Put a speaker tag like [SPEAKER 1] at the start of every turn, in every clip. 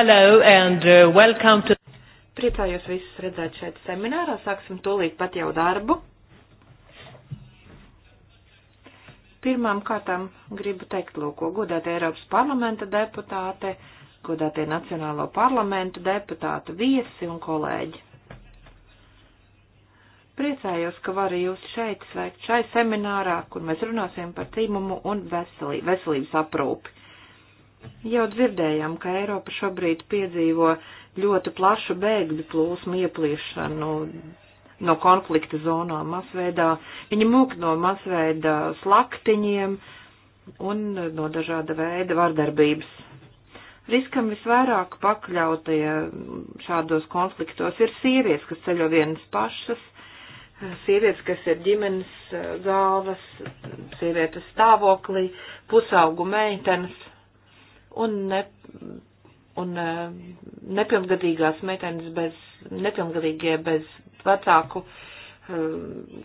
[SPEAKER 1] Hello and uh, welcome to. Priecājos visus redzēt šeit seminārā. Sāksim tūlīt pat jau darbu. Pirmām kārtām gribu teikt, lūk, godātie Eiropas parlamenta deputāte, godātie Nacionālo parlamentu deputāte, viesi un kolēģi. Priecājos, ka varu jūs šeit sveikt šai seminārā, kur mēs runāsim par tīmumu un veselī, veselības aprūpi Jau dzirdējām, ka Eiropa šobrīd piedzīvo ļoti plašu bēgļu plūsmu iepliešanu no konflikta zonām masveidā. Viņi mūk no masveida slaktiņiem un no dažāda veida vardarbības. Riskam visvairāk pakļautie šādos konfliktos ir sievietes, kas ceļo vienas pašas, sievietes, kas ir ģimenes eh, galvas, sievietes stāvoklī, pusaugu meitenes un, ne, un e, nepilngadīgās meitenes bez, nepilngadīgie bez vecāku e,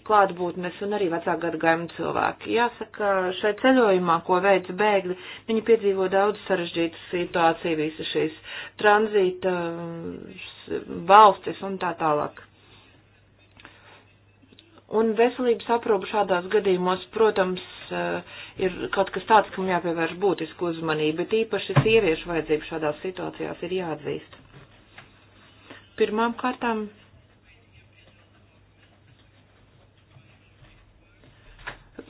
[SPEAKER 1] klātbūtnes un arī vecāku gadagājumu cilvēki. Jāsaka, šai ceļojumā, ko veic bēgļi, viņi piedzīvo daudz sarežģītu situāciju, visas šīs tranzīta e, valstis un tā tālāk. Un veselības aprūpa šādās gadījumos, protams, eh, ir kaut kas tāds, kam jāpievērš būtisku uzmanību, bet īpaši sieviešu vajadzību šādās situācijās ir jāatzīst. Pirmām kārtām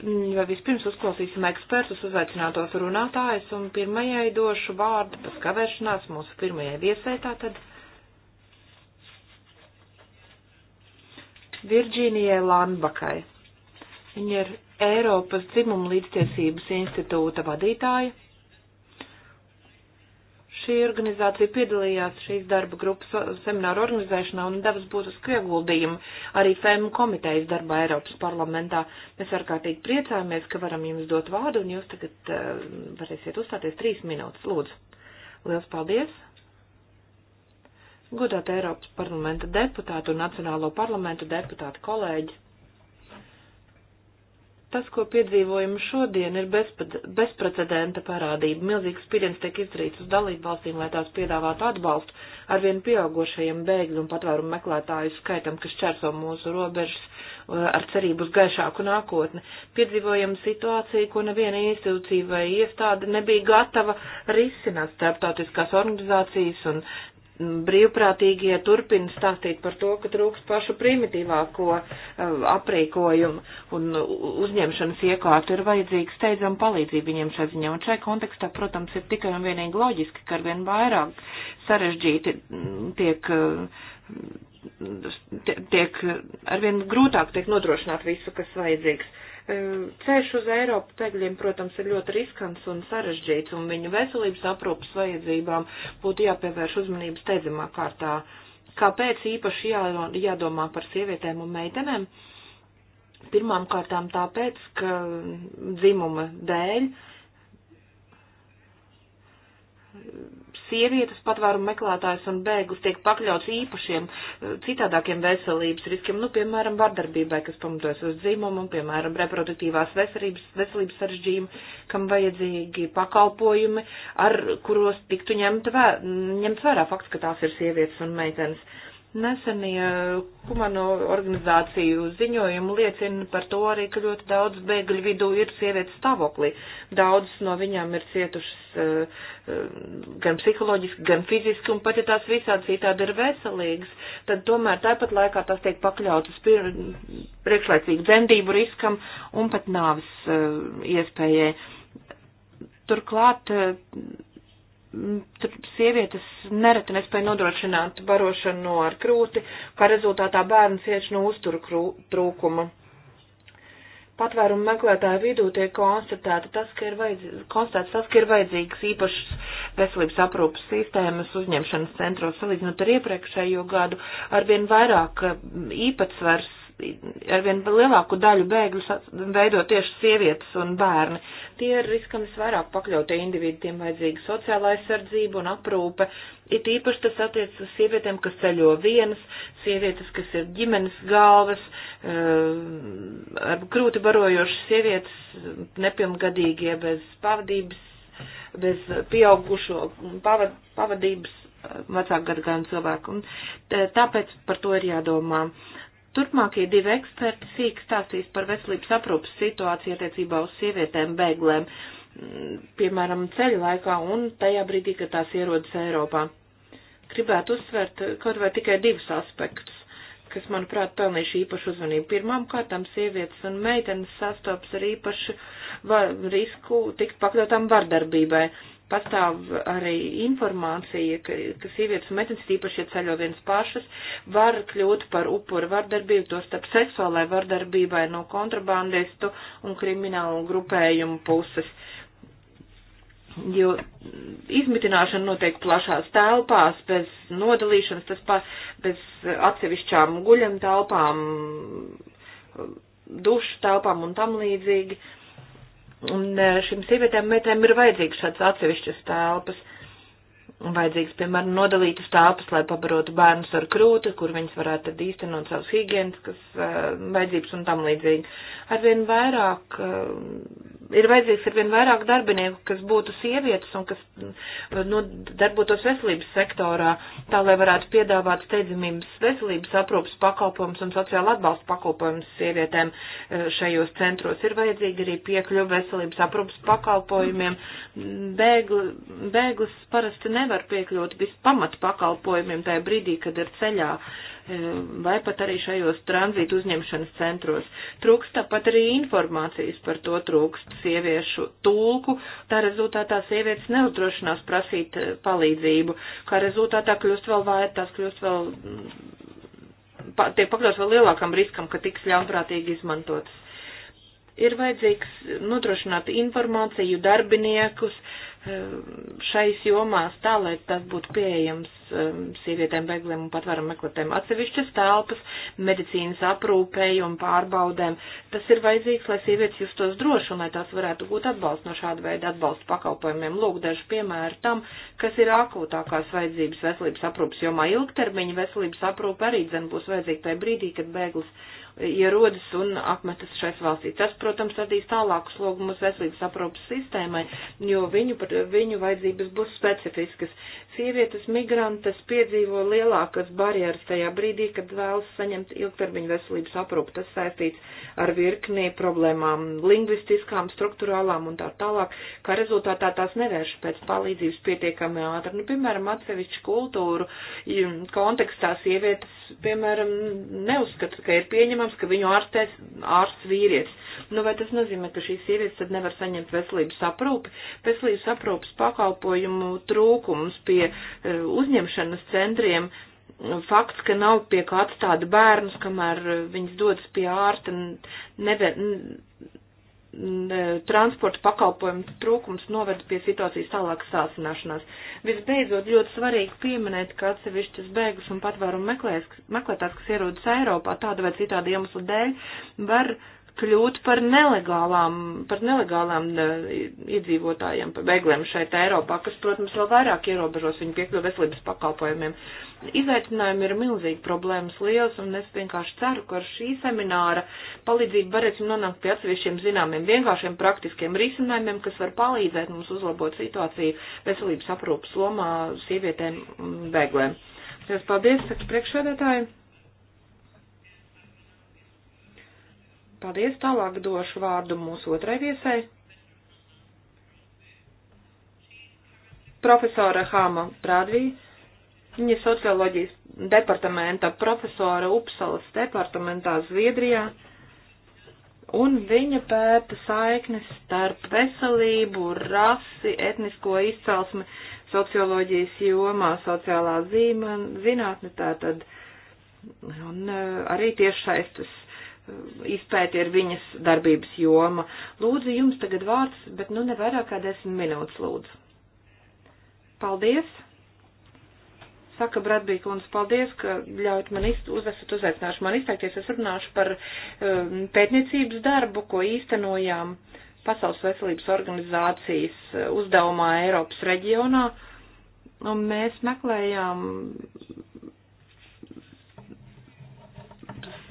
[SPEAKER 1] vai vispirms uzklausīsim ekspertus uzveicinātos runātājus un pirmajai došu vārdu pēc kavēšanās mūsu pirmajai viesai tātad Virģīnijai Lanbakai. Viņa ir Eiropas dzimuma līdztiesības institūta vadītāja. Šī organizācija piedalījās šīs darba grupas semināru organizēšanā un devas būtisku ieguldījumu arī FEM komitejas darbā Eiropas parlamentā. Mēs ārkārtīgi priecājamies, ka varam jums dot vārdu un jūs tagad uh, varēsiet uzstāties trīs minūtes. Lūdzu. Liels paldies! godāt Eiropas parlamenta deputātu un Nacionālo parlamentu deputātu kolēģi. Tas, ko piedzīvojam šodien, ir bezprecedenta parādība. Milzīgs spiediens tiek izdarīts uz dalību valstīm, lai tās piedāvātu atbalstu arvien pieaugošajiem bēgļu un patvērumu meklētāju skaitam, kas čerso mūsu robežas uh, ar cerību uz gaišāku nākotni. Piedzīvojam situāciju, ko neviena institūcija vai iestāde nebija gatava risināt. Starptautiskās organizācijas un brīvprātīgie turpina stāstīt par to, ka trūkst pašu primitīvāko eh, aprīkojumu un uzņemšanas iekārtu ir vajadzīga steidzama palīdzība viņiem šai ziņā. Un šai kontekstā, protams, ir tikai un vienīgi loģiski, ka arvien vairāk sarežģīti mm, tiek eh, tiek arvien grūtāk tiek nodrošināt visu, kas vajadzīgs. Ceļš uz Eiropu ceļiem, protams, ir ļoti riskants un sarežģīts, un viņu veselības aprūpas vajadzībām būtu jāpievērš uzmanību steidzamā kārtā. Kāpēc īpaši jā, jādomā par sievietēm un meitenēm? Pirmām kārtām tāpēc, ka dzimuma dēļ sievietes patvērumu meklētājs un bēgus tiek pakļauts īpašiem eh, citādākiem veselības riskiem, nu, piemēram, vardarbībai, kas pamatojas uz dzimumu, un, piemēram, reproduktīvās veselības, veselības sarežģījumu, kam vajadzīgi pakalpojumi, ar kuros tiktu ņemt vē, ņemts vērā fakts, ka tās ir sievietes un meitenes. Nesenie uh, humano organizāciju ziņojumi liecina par to arī, ka ļoti daudz bēgļu vidū ir sievietes stāvoklī. Daudz no viņām ir cietušas uh, uh, gan psiholoģiski, gan fiziski, un pat ja tās visādi citādi ir veselīgas, tad tomēr tāpat laikā tās tiek pakļautas priekšlaicīgu dzemdību riskam un pat nāvis iespējai. Turklāt Mm, sievietes nereti nespēja nodrošināt barošanu no ar krūti, kā rezultātā bērns cieši no uzturu trūkuma. Patvērumu meklētāju vidū tiek konstatēta tas, ka ir, vajadz... konstatēts tas, ka ir vajadzīgas īpašas veselības aprūpas sistēmas uzņemšanas centros, salīdzinot ar iepriekšējo gadu, arvien vairāk mm, īpatsvars arvien lielāku daļu bēgļu veido tieši sievietes un bērni. Tie ir riskam visvairāk pakļautie individi, tiem vajadzīga sociālā aizsardzība un aprūpe. It īpaši tas attiec uz sievietēm, kas ceļo vienas, sievietes, kas ir ģimenes galvas, eh, ar krūti barojošas sievietes, nepilngadīgie bez pavadības, bez pieaugušo pavad, pavadības vecāku gadagājumu cilvēku. Un eh, tāpēc par to ir jādomā. Turpmākie divi eksperti sīk stāstīs par veselības aprūpas situāciju attiecībā uz sievietēm bēglēm, mm, piemēram, ceļa laikā un tajā brīdī, kad tās ierodas Eiropā. Gribētu uzsvērt kaut vai tikai divus aspektus, kas, manuprāt, pelnīšu īpašu uzmanību. Pirmām kārtām sievietes un meitenes sastops ar īpašu risku tikt pakļautām vardarbībai pastāv arī informācija, ka, ka sievietes un meitenes, īpaši, ja ceļo viens pašas, var kļūt par upuru vardarbību, to starp seksuālai vardarbībai no kontrabandistu un kriminālu grupējumu puses. Jo izmitināšana notiek plašās telpās, bez nodalīšanas, tas pa, bez atsevišķām guļam telpām, dušu telpām un tam līdzīgi. Uh, Un eh, šīm sievietēm meitēm ir vajadzīgs šāds atsevišķas telpas un vajadzīgs, piemēram, nodalītas tāpas, lai pabarotu bērnus ar krūti, kur viņas varētu tad īstenot savus higieniskas uh, eh, vajadzības un tam līdzīgi. Arvien vairāk, uh, ir vajadzīgs arvien vairāk darbinieku, kas būtu sievietes un kas mm, nu, darbotos veselības sektorā, tā lai varētu piedāvāt steidzamības veselības aprūpas pakalpojums un sociāla atbalsta pakalpojums sievietēm uh, šajos centros. Ir vajadzīgi arī piekļuva veselības aprūpas pakalpojumiem. Bēgli, bēglis parasti nevar nevar piekļūt vispamat pakalpojumiem tajā brīdī, kad ir ceļā, e, vai pat arī šajos tranzītu uzņemšanas centros. Trūkst tāpat arī informācijas par to, trūkst sieviešu tulku, tā rezultātā sievietes neuzdrošinās prasīt e, palīdzību, kā rezultātā kļūst vēl vājāk, tās kļūst vēl mm, pa, tiek pakļauts vēl lielākam riskam, ka tiks ļaunprātīgi izmantotas. Ir vajadzīgs nodrošināt informāciju darbiniekus, Eh, šais jomās tā, lai tas būtu pieejams eh, sievietēm, begliem un patvaram meklētēm atsevišķas telpas, medicīnas aprūpēji un pārbaudēm. Tas ir vajadzīgs, lai sievietes justos droši un lai tās varētu būt atbalsts no šāda veida atbalsta pakalpojumiem. Lūk, daži piemēri tam, kas ir akūtākās vajadzības veselības aprūpas jomā ilgtermiņa veselības aprūpa arī dzen būs vajadzīga tajā brīdī, kad bēglis ierodas un apmetas šais valstīs. Tas, protams, radīs tālākus logumus veselības aprūpas sistēmai, jo viņu, viņu vajadzības būs specifiskas. Sievietes migrantes piedzīvo lielākas barjeras tajā brīdī, kad vēlas saņemt ilgtermiņu veselības aprūpu. Tas saistīts ar virknī problēmām, lingvistiskām, struktūrālām un tā tālāk, kā rezultātā tās nevērš pēc palīdzības pietiekami ātri. Nu, piemēram, atsevišķu kultūru mm, kontekstā sievietes, piemēram, neuzskata, ka ir pieņemama zināms, ka viņu ārstēs ārsts vīrietis. Nu, vai tas nozīmē, ka šīs sievietes tad nevar saņemt veselības aprūpi? Veselības aprūpas pakalpojumu trūkums pie eh, uzņemšanas centriem. Fakts, ka nav pie kā atstāda bērnus, kamēr eh, viņas dodas pie ārsta, neve, transporta pakalpojumu trūkums noved pie situācijas tālākas sāsināšanās. Visbeidzot, ļoti svarīgi pieminēt, ka atsevišķas bēgus un patvērumu meklētājs, kas ierodas Eiropā tāda vai citāda iemesla dēļ, var kļūt par nelegālām, par nelegālām e, iedzīvotājiem, par bēgliem šeit Eiropā, kas, protams, vēl vairāk ierobežos viņu piekļuvu veselības pakalpojumiem. Izaicinājumi ir milzīgi, problēmas liels, un es vienkārši ceru, ka ar šī semināra palīdzību varēsim nonākt pie atsevišķiem zināmiem, vienkāršiem praktiskiem risinājumiem, kas var palīdzēt mums uzlabot situāciju veselības aprūpas lomā sievietēm bēglēm. Paldies, saka priekšsēdētāji! Paldies, tālāk došu vārdu mūsu otrai viesai. Profesora Hāma Brādvī, viņa socioloģijas departamenta profesora Upsalas departamentā Zviedrijā, un viņa pēta saiknes starp veselību, rasi, etnisko izcelsmi, socioloģijas jomā, sociālā zīme, zinātne tātad, un eh, arī tiešsaistes izpēti ir viņas darbības joma. Lūdzu, jums tagad vārds, bet nu ne vairāk kā desmit minūtes lūdzu. Paldies! Saka Bradbija kundze, paldies, ka ļaujat man iz, uzvesat uzaicināšu man izteikties. Es runāšu par um, pētniecības darbu, ko īstenojām Pasaules veselības organizācijas uh, uzdevumā Eiropas reģionā. Un mēs meklējām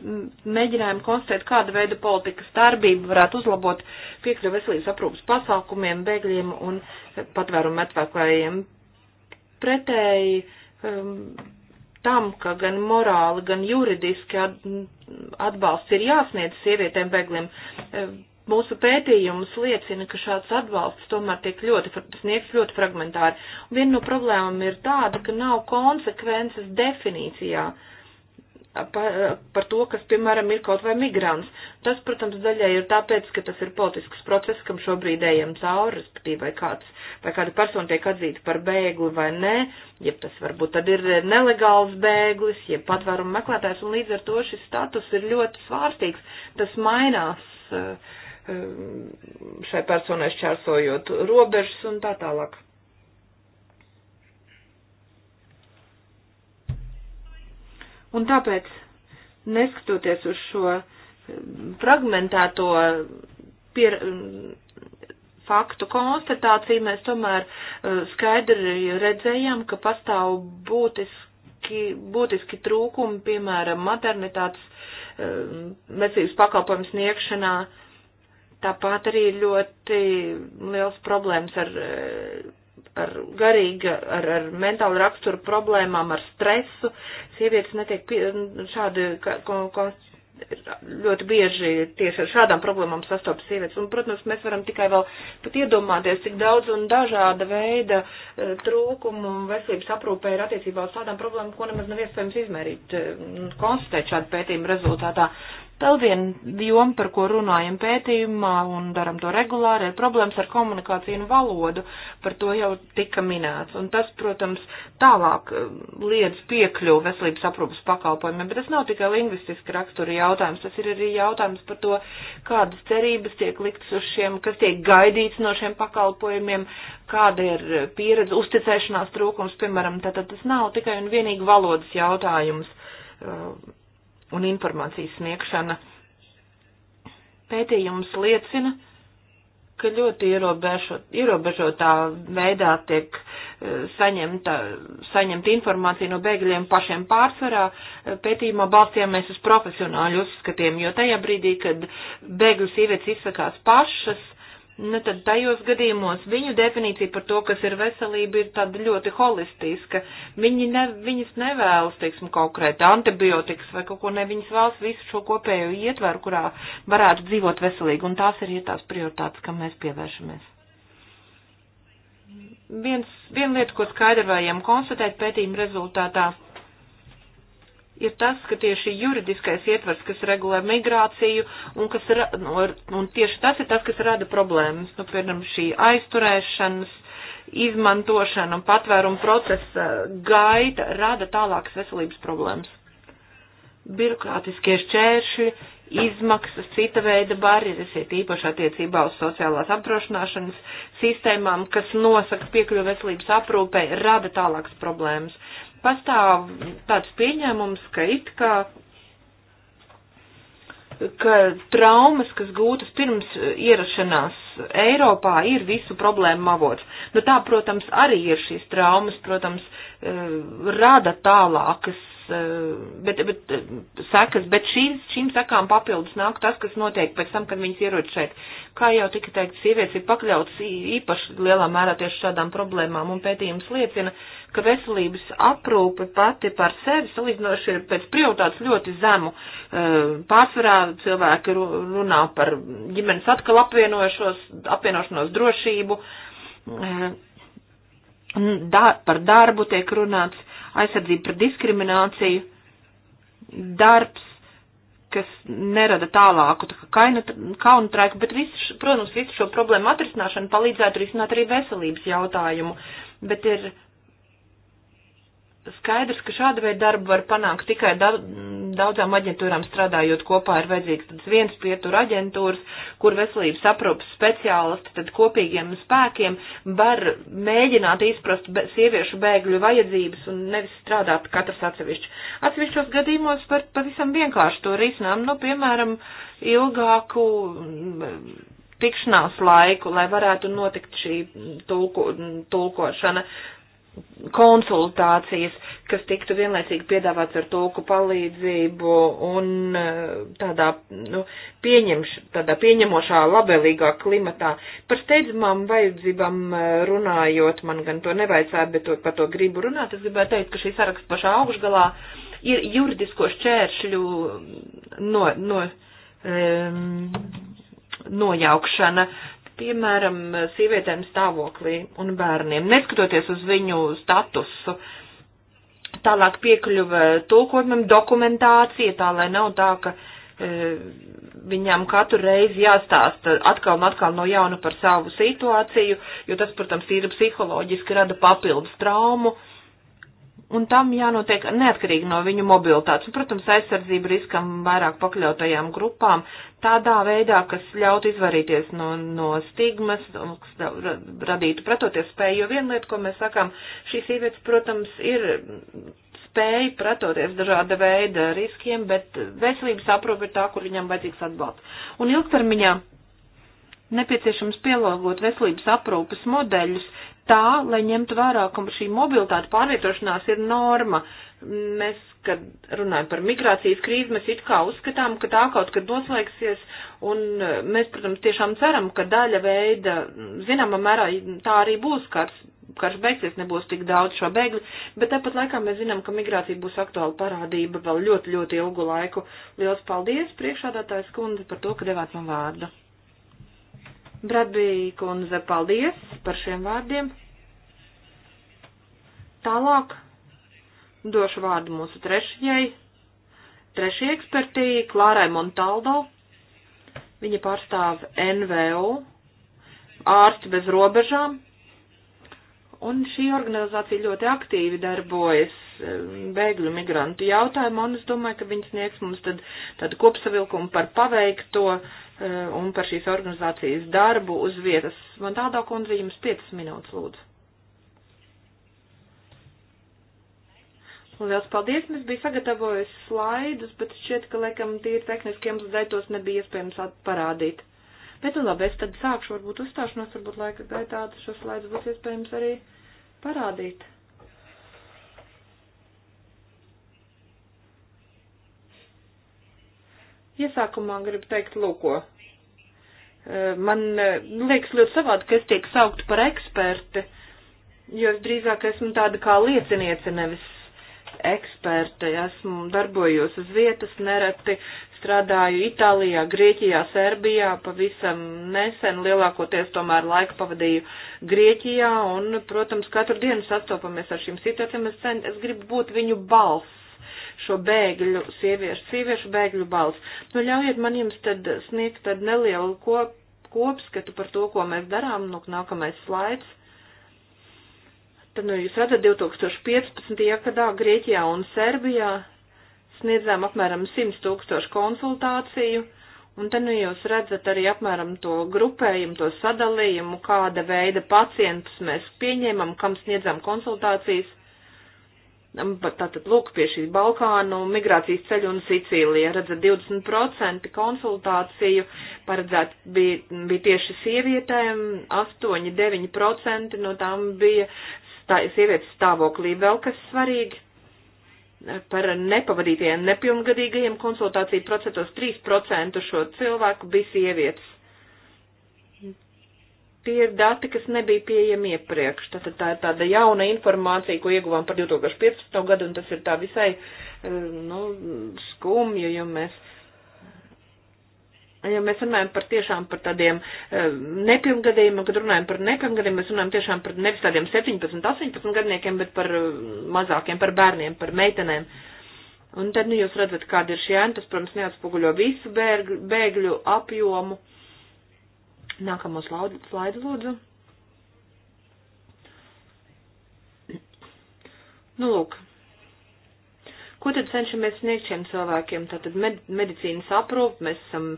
[SPEAKER 1] mēģinājumu konstatēt, kāda veida politikas darbība varētu uzlabot piekļuvi veselības aprūpas pasākumiem, bēgļiem un patvērumu metvēkājiem. Pretēji um, tam, ka gan morāli, gan juridiski atbalsts ir jāsniedz sievietēm bēgļiem, um, mūsu pētījums liecina, ka šāds atbalsts tomēr tiek ļoti, sniegts ļoti fragmentāri. Un viena no problēmām ir tāda, ka nav konsekvences definīcijā. Uh, par, par to, kas, piemēram, ir kaut vai migrants. Tas, protams, daļai ir tāpēc, ka tas ir politisks process, kam šobrīd ejam cauri, respektīvi, vai, kāds, vai kāda persona tiek atzīta par bēgli vai nē, jeb tas varbūt tad ir nelegāls bēglis, jeb patvērumu meklētājs, un līdz ar to šis status ir ļoti svārstīgs, tas mainās eh, eh, šai personai šķērsojot robežas un tā tālāk. Un tāpēc, neskatoties uz šo um, fragmentēto pier, um, faktu konstatāciju, mēs tomēr uh, skaidri redzējām, ka pastāv būtiski, būtiski trūkumi, piemēram, maternitātes vecības um, pakalpojumu sniegšanā. Tāpat arī ļoti liels problēmas ar uh, ar garīga, ar, ar mentālu raksturu problēmām, ar stresu. Sievietes netiek pie, šādi, ka, ko, ko, ļoti bieži tieši ar šādām problēmām sastopas sievietes. Un, protams, mēs varam tikai vēl pat iedomāties, cik daudz un dažāda veida e, trūkumu veselības aprūpē ir attiecībā uz tādām problēmām, ko nemaz nav iespējams izmērīt, e, konstatēt šādu pētījumu rezultātā. Vēl viena joma, par ko runājam pētījumā un daram to regulāri, ir problēmas ar komunikāciju un valodu. Par to jau tika minēts. Un tas, protams, tālāk eh, liedz piekļuvu veselības aprūpas pakalpojumiem, bet tas nav tikai lingvistiski rakstura jautājums, tas ir arī jautājums par to, kādas cerības tiek liktas uz šiem, kas tiek gaidīts no šiem pakalpojumiem, kāda ir pieredze, uzticēšanās trūkums, piemēram, tātad tas nav tikai un vienīgi valodas jautājums. Uh, un informācijas sniegšana. Pētījums liecina, ka ļoti ierobežot, ierobežotā veidā tiek e, saņemta, saņemta informācija no bēgļiem pašiem pārsvarā. E, pētījumā balstījāmies uz profesionāļu uzskatiem, jo tajā brīdī, kad bēgļu sievietes izsakās pašas, Nu, tad tajos gadījumos viņu definīcija par to, kas ir veselība, ir tāda ļoti holistiska. Viņi ne, viņas nevēlas, teiksim, konkrēti antibiotikas vai kaut ko ne, viņas vēlas visu šo kopējo ietveru, kurā varētu dzīvot veselīgi, un tās ir tās prioritātes, kam mēs pievēršamies. Viens, viena lieta, ko skaidrojam konstatēt pētījuma rezultātā ir tas, ka tieši juridiskais ietvers, kas regulē migrāciju, un, kas, nu, un tieši tas ir tas, kas rada problēmas. Nu, piemēram, šī aizturēšanas, izmantošana un patvērumu procesa gaita rada tālākas veselības problēmas. Birokrātiskie šķēršļi, izmaksas, cita veida barjeras, ir īpaši attiecībā uz sociālās apdrošināšanas sistēmām, kas nosaka piekļuvi veselības aprūpē, rada tālākas problēmas pastāv tāds pieņēmums, ka it kā ka traumas, kas gūtas pirms ierašanās Eiropā, ir visu problēmu avots. Nu tā, protams, arī ir šīs traumas, protams, eh, rada tālākas Eh, bet, bet, eh, sekas, bet šīs, šīm sekām papildus nāk tas, kas notiek pēc tam, kad viņas ierod šeit. Kā jau tika teikt, sievietes ir pakļautas īpaši lielā mērā tieši šādām problēmām, un pētījums liecina, ka veselības aprūpe pati par sevi salīdzinoši ir pēc prioritātes ļoti zemu. Eh, pārsvarā cilvēki runā par ģimenes atkal apvienošanos drošību, dar, par darbu tiek runāts aizsardzība pret diskrimināciju, darbs, kas nerada tālāku tā kā kaunu traiku, bet, visu, protams, visu šo problēmu atrisināšanu palīdzētu risināt arī veselības jautājumu. Bet ir skaidrs, ka šāda veida darbu var panākt tikai daudzām aģentūrām strādājot kopā. Ir vajadzīgs tāds viens pietur aģentūras, kur veselības aprūpas speciālisti tad kopīgiem spēkiem var mēģināt izprast sieviešu bēgļu vajadzības un nevis strādāt katrs atsevišķi. Atsevišķos gadījumos par pavisam vienkārši to risinām, nu, piemēram, ilgāku tikšanās laiku, lai varētu notikt šī tulko, tulkošana konsultācijas, kas tiktu vienlaicīgi piedāvāts ar tulku palīdzību un eh, tādā, nu, pieņemš, tādā pieņemošā, labelīgā klimatā. Par steidzamām vajadzībām eh, runājot, man gan to nevajadzētu, bet to, par to gribu runāt, es gribētu teikt, ka šī saraksts pašā augšgalā ir juridisko šķēršļu no, no, um, nojaukšana piemēram, sievietēm stāvoklī un bērniem, neskatoties uz viņu statusu. Tālāk piekļuva tulkojumam, dokumentācija, tā lai nav tā, ka e, viņām katru reizi jāstāsta atkal un atkal no jauna par savu situāciju, jo tas, protams, ir psiholoģiski rada papildus traumu. E, un tam jānotiek neatkarīgi no viņu mobilitātes. Un, protams, aizsardzība riskam vairāk pakļautajām grupām tādā veidā, kas ļaut izvarīties no, no stigmas, radītu pretoties spēju. Jo viena lieta, ko mēs sakām, šīs sievietes, protams, ir spēja pretoties dažāda veida riskiem, bet veselības aprūpe ir tā, kur viņam vajadzīgs atbalsts. Un ilgtermiņā nepieciešams pielāgot veselības aprūpes modeļus tā, lai ņemtu vērā, ka šī mobilitāte pārvietošanās ir norma. Mēs, kad runājam par migrācijas krīzi, mēs it kā uzskatām, ka tā kaut kad noslēgsies, un e, mēs, protams, tiešām ceram, ka daļa veida, zināmā mērā, tā arī būs kāds. Karš beigsies, nebūs tik daudz šo bēgļu, bet tāpat laikā mēs zinām, ka migrācija būs aktuāla parādība vēl ļoti, ļoti ilgu laiku. Liels paldies priekšādātājs kundze par to, ka devāt man vārdu. Bradbī kundze, paldies par šiem vārdiem. Tālāk došu vārdu mūsu trešajai, trešajai ekspertī, Klārai Montaldo. Viņa pārstāv NVO, ārsti bez robežām, un šī organizācija ļoti aktīvi darbojas Eh, bēgļu migrantu jautājumu, un es domāju, ka viņi sniegs mums tad tādu kopsavilkumu par paveikto eh, un par šīs organizācijas darbu uz vietas. Man tādā kundze jums 5 minūtes lūdzu. Un liels paldies, mēs bija sagatavojusi slaidus, bet šķiet, ka laikam tīri tehniskiem zaitos nebija iespējams parādīt. Bet nu labi, es tad sākšu varbūt uzstāšanos, varbūt laika gaitā šo slaidu būs iespējams arī parādīt. Iesākumā gribu teikt, lūko, eh, eh, man liekas ļoti savādi, ka es tiek saukt par eksperti, jo es drīzāk esmu tāda kā lieciniece, nevis eksperte. Esmu darbojos uz vietas nereti, strādāju Itālijā, Grieķijā, Serbijā, pavisam nesen lielākoties tomēr laiku pavadīju Grieķijā un, protams, katru dienu sastopamies ar šīm situācijām. Es, cen, es gribu būt viņu balss šo bēgļu sieviešu, sieviešu bēgļu balsu. Nu, ļaujiet man jums tad sniegt tad nelielu kop, kopskatu par to, ko mēs darām. Nu, nākamais slaids. Tad, nu, jūs redzat, 2015. gadā Grieķijā un Serbijā sniedzām apmēram 100 tūkstošu konsultāciju. Un te nu jūs redzat arī apmēram to grupējumu, to sadalījumu, kāda veida pacientus mēs pieņēmam, kam sniedzam konsultācijas. Tātad lūk pie šī Balkānu migrācijas ceļu un Sicīlija. Redzat, 20% konsultāciju paredzēt bija, bija tieši sievietēm, 8-9% no tām bija stā, sievietes stāvoklī. Vēl kas svarīgi par nepavadītajiem nepilngadīgajiem konsultāciju procentos 3% šo cilvēku bija sievietes. Tie ir dati, kas nebija pieejami iepriekš. Tātad tā ir tāda jauna informācija, ko ieguvām par 2015. gadu, un tas ir tā visai, eh, nu, skumja, jo mēs ja mēs runājam par tiešām par tādiem uh, nepilngadījumiem, kad runājam par nepilngadījumiem, mēs runājam tiešām par nevis tādiem 17, 18 gadniekiem, bet par uh, mazākiem, par bērniem, par meitenēm. Un tad, nu, jūs redzat, kāda ir šī ēna, tas, protams, neatspoguļo visu bēgļu apjomu. Uh, Nākamo slaidu lūdzu. Nu, lūk. Ko tad cenšamies sniegt šiem cilvēkiem? Tātad med medicīnas aprūpe, mēs esam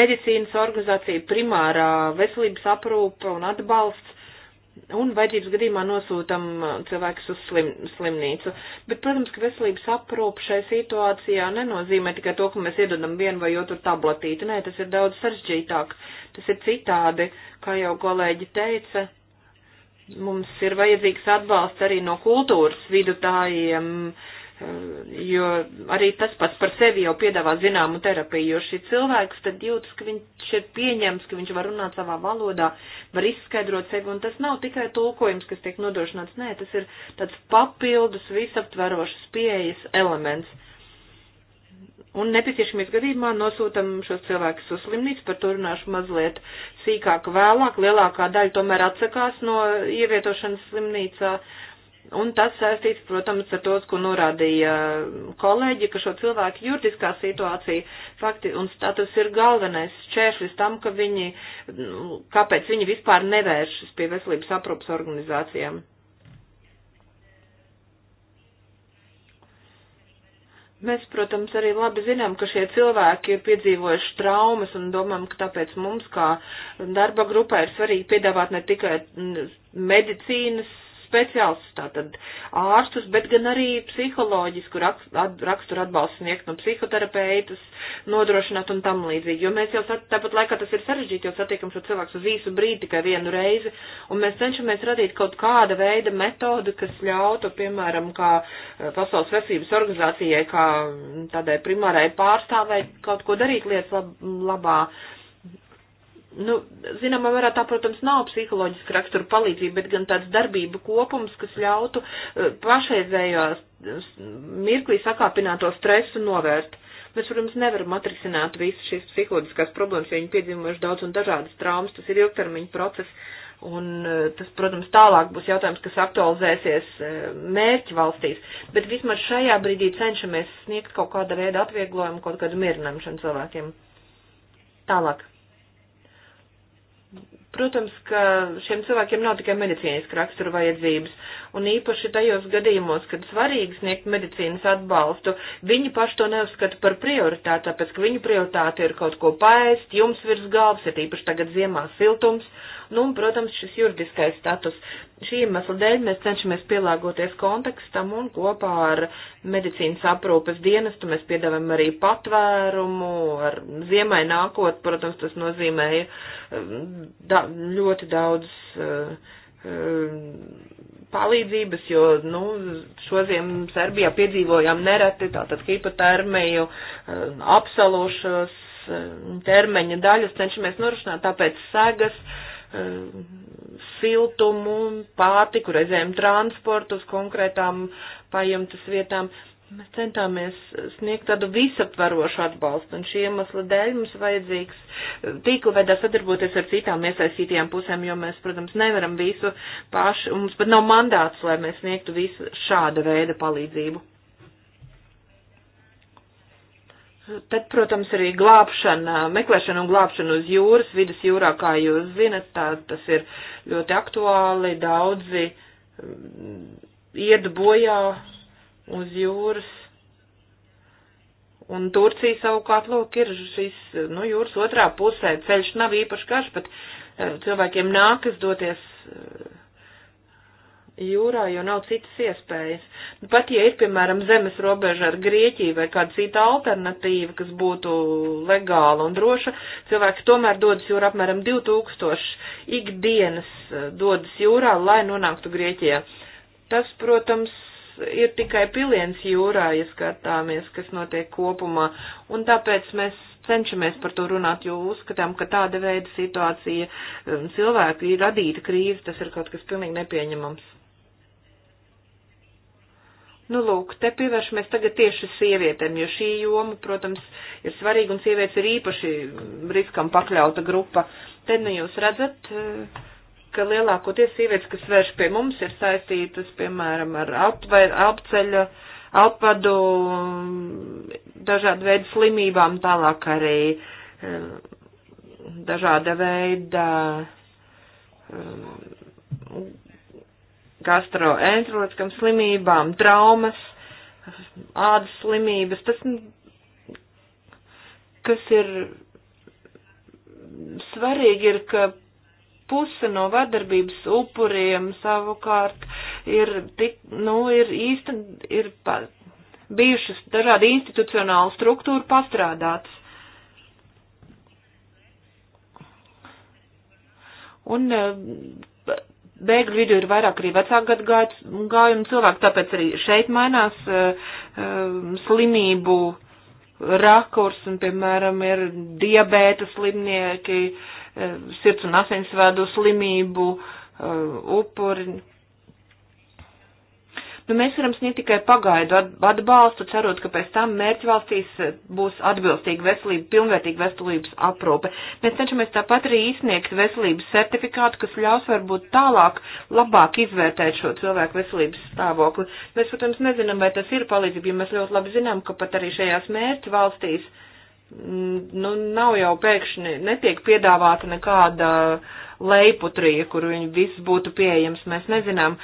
[SPEAKER 1] medicīnas organizācija, primārā veselības aprūpe un atbalsts un vajadzības gadījumā nosūtam uh, cilvēkus uz slim, slimnīcu. Bet, protams, ka veselības aprūpe šai situācijā nenozīmē tikai to, ka mēs iedodam vienu vai otru tabletīti. Nē, tas ir daudz sarežģītāk. Tas ir citādi, kā jau kolēģi teica. Mums ir vajadzīgs atbalsts arī no kultūras vidutājiem. Um, jo arī tas pats par sevi jau piedāvā zināmu terapiju, jo šī cilvēks tad jūtas, ka viņš ir pieņems, ka viņš var runāt savā valodā, var izskaidrot sevi, un tas nav tikai tulkojums, kas tiek nodrošināts, nē, tas ir tāds papildus visaptverošas pieejas elements. Un nepieciešamies gadījumā nosūtam šos cilvēkus uz slimnīcu, par to runāšu mazliet sīkāk vēlāk, lielākā daļa tomēr atsakās no ievietošanas slimnīcā, uh, Un tas saistīts, protams, ar to, ko norādīja kolēģi, ka šo cilvēku juridiskā situācija fakti un status ir galvenais šķēršļis tam, ka viņi, kāpēc viņi vispār nevēršas pie veselības aprūpas organizācijām. Mēs, protams, arī labi zinām, ka šie cilvēki ir piedzīvojuši traumas un domām, ka tāpēc mums kā darba grupā ir svarīgi piedāvāt ne tikai medicīnas speciāls tātad ārstus, bet gan arī psiholoģisku raksturu atbalstu sniegt no psihoterapeitus, nodrošināt un tam līdzīgi. Jo mēs jau tāpat laikā tas ir sarežģīti, jo satiekam šo cilvēku uz īsu brīdi tikai vienu reizi, un mēs cenšamies radīt kaut kāda veida metodu, kas ļautu, piemēram, kā eh, Pasaules veselības organizācijai, kā tādai primārai pārstāvēt kaut ko darīt lietas lab labā nu, zināmā mērā tā, protams, nav psiholoģiska rakstura palīdzība, bet gan tāds darbība kopums, kas ļautu eh, pašreizējās mirklī sakāpināto stresu novērst. Mēs, protams, nevaram atrisināt visas šīs psiholoģiskās problēmas, jo viņi piedzīvojuši daudz un dažādas traumas, tas ir ilgtermiņa process, un eh, tas, protams, tālāk būs jautājums, kas aktualizēsies eh, mērķi valstīs, bet vismaz šajā brīdī cenšamies sniegt kaut kāda veida atvieglojumu, kaut kādu mierinājumu šiem cilvēkiem. Tālāk Protams, ka šiem cilvēkiem nav tikai medicīniska rakstura vajadzības, un īpaši tajos gadījumos, kad svarīgi sniegt medicīnas atbalstu, viņi paši to neuzskata par prioritāti, tāpēc, ka viņu prioritāte ir kaut ko paēst, jums virs galvas, ir īpaši tagad ziemā siltums, nu, un, protams, šis juridiskais status. Šī iemesla dēļ mēs cenšamies pielāgoties kontekstam un kopā ar medicīnas aprūpes dienestu mēs piedāvājam arī patvērumu, ar ziemai nākot, protams, tas nozīmēja eh, da, ļoti daudz. Uh, uh, palīdzības, jo, nu, šodien Serbijā piedzīvojām nereti tātad hipotermiju, eh, apsalošas eh, termeņa daļas, cenšamies norušināt, tāpēc segas, eh, siltumu, pārtiku, reizēm transportu uz konkrētām pajumtas vietām. Uh, Mēs centāmies sniegt tādu visaptvarošu atbalstu, un šī iemesla dēļ mums vajadzīgs eh, tīkla veidā sadarboties ar citām iesaistītajām pusēm, jo mēs, protams, nevaram visu paši, un mums pat nav mandāts, lai mēs sniegtu visu šāda veida palīdzību. Tad, protams, arī glābšana, meklēšana un glābšana uz jūras, vidas jūrā, kā jūs zinat, tā, tas ir ļoti aktuāli, daudzi mm, ied bojā uz jūras. Un Turcija savukārt, lūk, ir šis, nu, jūras otrā pusē. Ceļš nav īpaši karš, bet e, cilvēkiem nākas doties e, jūrā, jo nav citas iespējas. Nu, pat ja ir, piemēram, zemes robeža ar Grieķiju vai kāda cita alternatīva, kas būtu legāla un droša, cilvēki tomēr dodas jūrā apmēram 2000 ikdienas e, dodas jūrā, lai nonāktu Grieķijā. Tas, protams, ir tikai piliens jūrā, ja skatāmies, kas notiek kopumā, un tāpēc mēs cenšamies par to runāt, jo uzskatām, ka tāda veida situācija um, cilvēku ir radīta krīze, tas ir kaut kas pilnīgi nepieņemams. Nu, lūk, te pievēršamies tagad tieši sievietēm, jo šī joma, protams, ir svarīga un sievietes ir īpaši riskam pakļauta grupa. Te nu jūs redzat. Uh, ka lielākoties sievietes, kas vērš pie mums, ir saistītas, piemēram, ar apceļa, apvadu, dažādu veidu slimībām, tālāk arī eh, dažāda veida eh, gastroenteroloģiskam slimībām, traumas, ādas slimības, tas, kas ir svarīgi, ir, ka puse no vardarbības upuriem savukārt ir, tik, nu, ir īsta, ir pa, bijušas dažādi institucionāli struktūra pastrādātas. Un eh, bēgļu vidū ir vairāk arī vecāku gadu gājumu cilvēku, tāpēc arī šeit mainās uh, uh, slimību rakurs un, piemēram, ir diabēta slimnieki, uh, Eh, sirds un asinsvēdu slimību eh, upuri. Nu, mēs varam sniegt tikai pagaidu atbalstu, cerot, ka pēc tam mērķvalstīs eh, būs atbilstīga veselība, pilnvērtīga veselības aprūpe. Mēs cenšamies tāpat arī izsniegt veselības certifikātu, kas ļaus varbūt tālāk labāk izvērtēt šo cilvēku veselības stāvokli. Mēs, protams, nezinām, vai tas ir palīdzība, jo mēs ļoti labi zinām, ka pat arī šajās mērķvalstīs valstīs nu, nav jau pēkšņi, netiek piedāvāta nekāda leiputrija, kur viņi viss būtu pieejams. Mēs nezinām,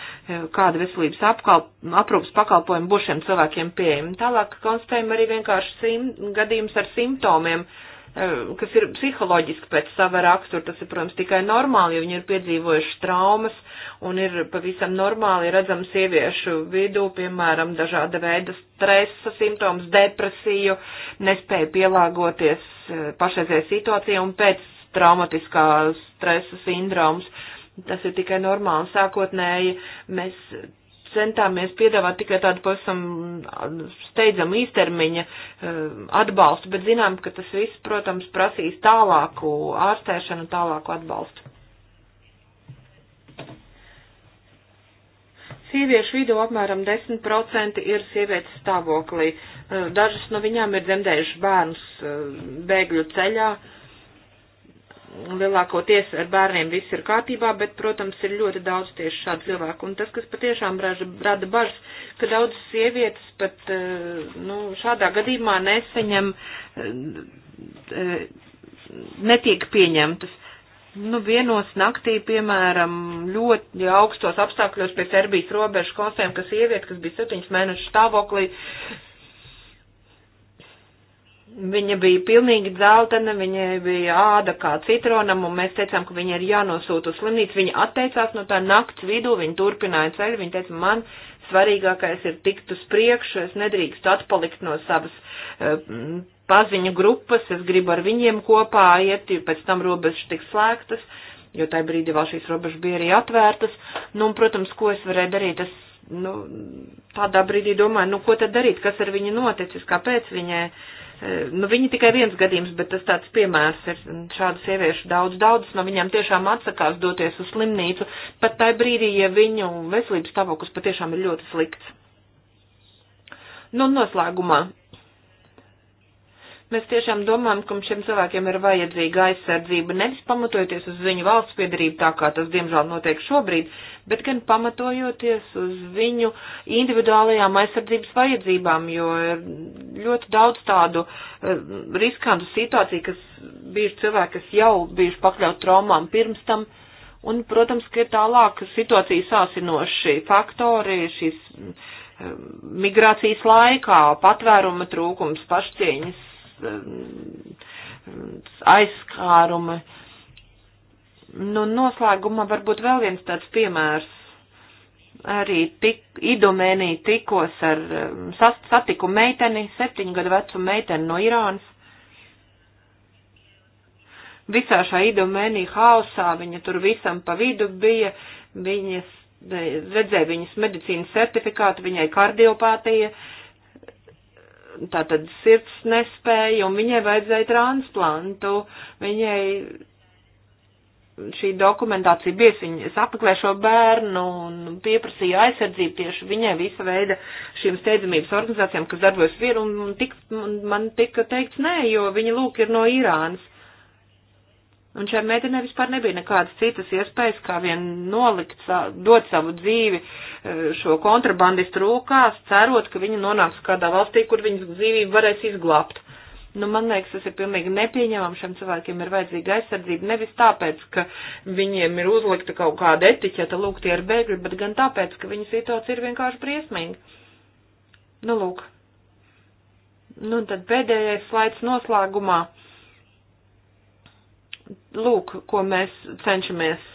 [SPEAKER 1] kāda veselības apkalp, aprūpas pakalpojuma būs šiem cilvēkiem pieejama. Tālāk konstatējam arī vienkārši sim, gadījums ar simptomiem. Uh, kas ir psiholoģiski pēc sava rakstura, tas ir, protams, tikai normāli, jo viņi ir piedzīvojuši traumas un ir pavisam normāli redzam sieviešu vidū, piemēram, dažāda veida stresa simptoms, depresiju, nespēja pielāgoties e, pašreizējai situācijai un pēc traumatiskā stresa sindroms. Tas ir tikai normāli. Sākotnēji mēs centāmies piedāvāt tikai tādu pavisam steidzamu īstermiņa eh, atbalstu, bet zinām, ka tas viss, protams, prasīs tālāku ārstēšanu, tālāku atbalstu. Sieviešu vidū apmēram 10% ir sievietes stāvoklī. Eh, dažas no viņām ir dzemdējušas bērnus eh, bēgļu ceļā. Uh, lielākoties ar bērniem viss ir kārtībā, bet, protams, ir ļoti daudz tieši šādu cilvēku. Un tas, kas patiešām raža, rada bažas, ka daudz sievietes pat eh, nu, šādā gadījumā neseņem, eh, eh, netiek pieņemtas. Nu, vienos naktī, piemēram, ļoti augstos apstākļos pie Serbijas robežas konstatējām, ka sieviete, kas bija septiņas mēnešu stāvoklī, Viņa bija pilnīgi dzeltena, viņai bija āda kā citronam, un mēs teicām, ka viņa ir jānosūta uz slimnīcu. Viņa atteicās no tā nakts vidū, viņa turpināja ceļu, viņa teica, man svarīgākais ir tikt uz priekšu, es nedrīkstu atpalikt no savas uh, paziņu grupas, es gribu ar viņiem kopā iet, jo pēc tam robežas tiks slēgtas, jo tajā brīdī vēl šīs robežas bija arī atvērtas. Nu, un, protams, ko es varēju darīt, es nu, tādā brīdī domāju, nu, ko tad darīt, kas ar viņu noticis, kāpēc viņai E, nu, viņi tikai viens gadījums, bet tas tāds piemērs ir šādu sieviešu daudz, daudz no viņām tiešām atsakās doties uz slimnīcu, pat tai brīdī, ja viņu veselības stāvoklis patiešām ir ļoti slikts. Nu, noslēgumā Mēs tiešām domājam, ka šiem cilvēkiem ir vajadzīga aizsardzība nevis pamatojoties uz viņu valsts piedarību, tā kā tas diemžēl notiek šobrīd, bet gan pamatojoties uz viņu individuālajām aizsardzības vajadzībām, jo ir ļoti daudz tādu eh, riskantu situāciju, kas bijuši cilvēki, kas jau bijuši pakļaut traumām pirms tam. Un, protams, ka ir tālāk situācijas sāsinoši faktori, šīs eh, migrācijas laikā, patvēruma trūkums, pašcieņas Eh, aizskārumi. Nu, noslēgumā varbūt vēl viens tāds piemērs. Arī tik, idomēnī tikos ar eh, satiku meiteni, septiņu gadu vecu meiteni no Irānas. Visā šā idomēnī hausā viņa tur visam pa vidu bija, viņas eh, redzēja viņas medicīnas certifikātu, viņai kardiopātija, uh, tātad sirds nespēja, un viņai vajadzēja transplantu, viņai šī dokumentācija bija, viņa apmeklē šo bērnu un pieprasīja aizsardzību tieši viņai visa veida šīm steidzamības organizācijām, kas darbojas vien, un, tik, man tika teikts nē, jo viņa lūk ir no Irānas. Un šai meitenei vispār nebija nekādas citas iespējas, kā vien nolikt, dot savu dzīvi e, šo kontrabandistu rūkās, cerot, ka viņa nonāks kādā valstī, kur viņas dzīvību varēs izglābt. Nu, man liekas, tas ir pilnīgi nepieņemam. Šiem cilvēkiem ir vajadzīga aizsardzība nevis tāpēc, ka viņiem ir uzlikta kaut kāda etiķeta, lūk, tie ir bēgļi, bet gan tāpēc, ka viņa situācija ir vienkārši briesmīga. Nu, lūk. Nu, tad pēdējais slaids noslēgumā lūk, ko mēs cenšamies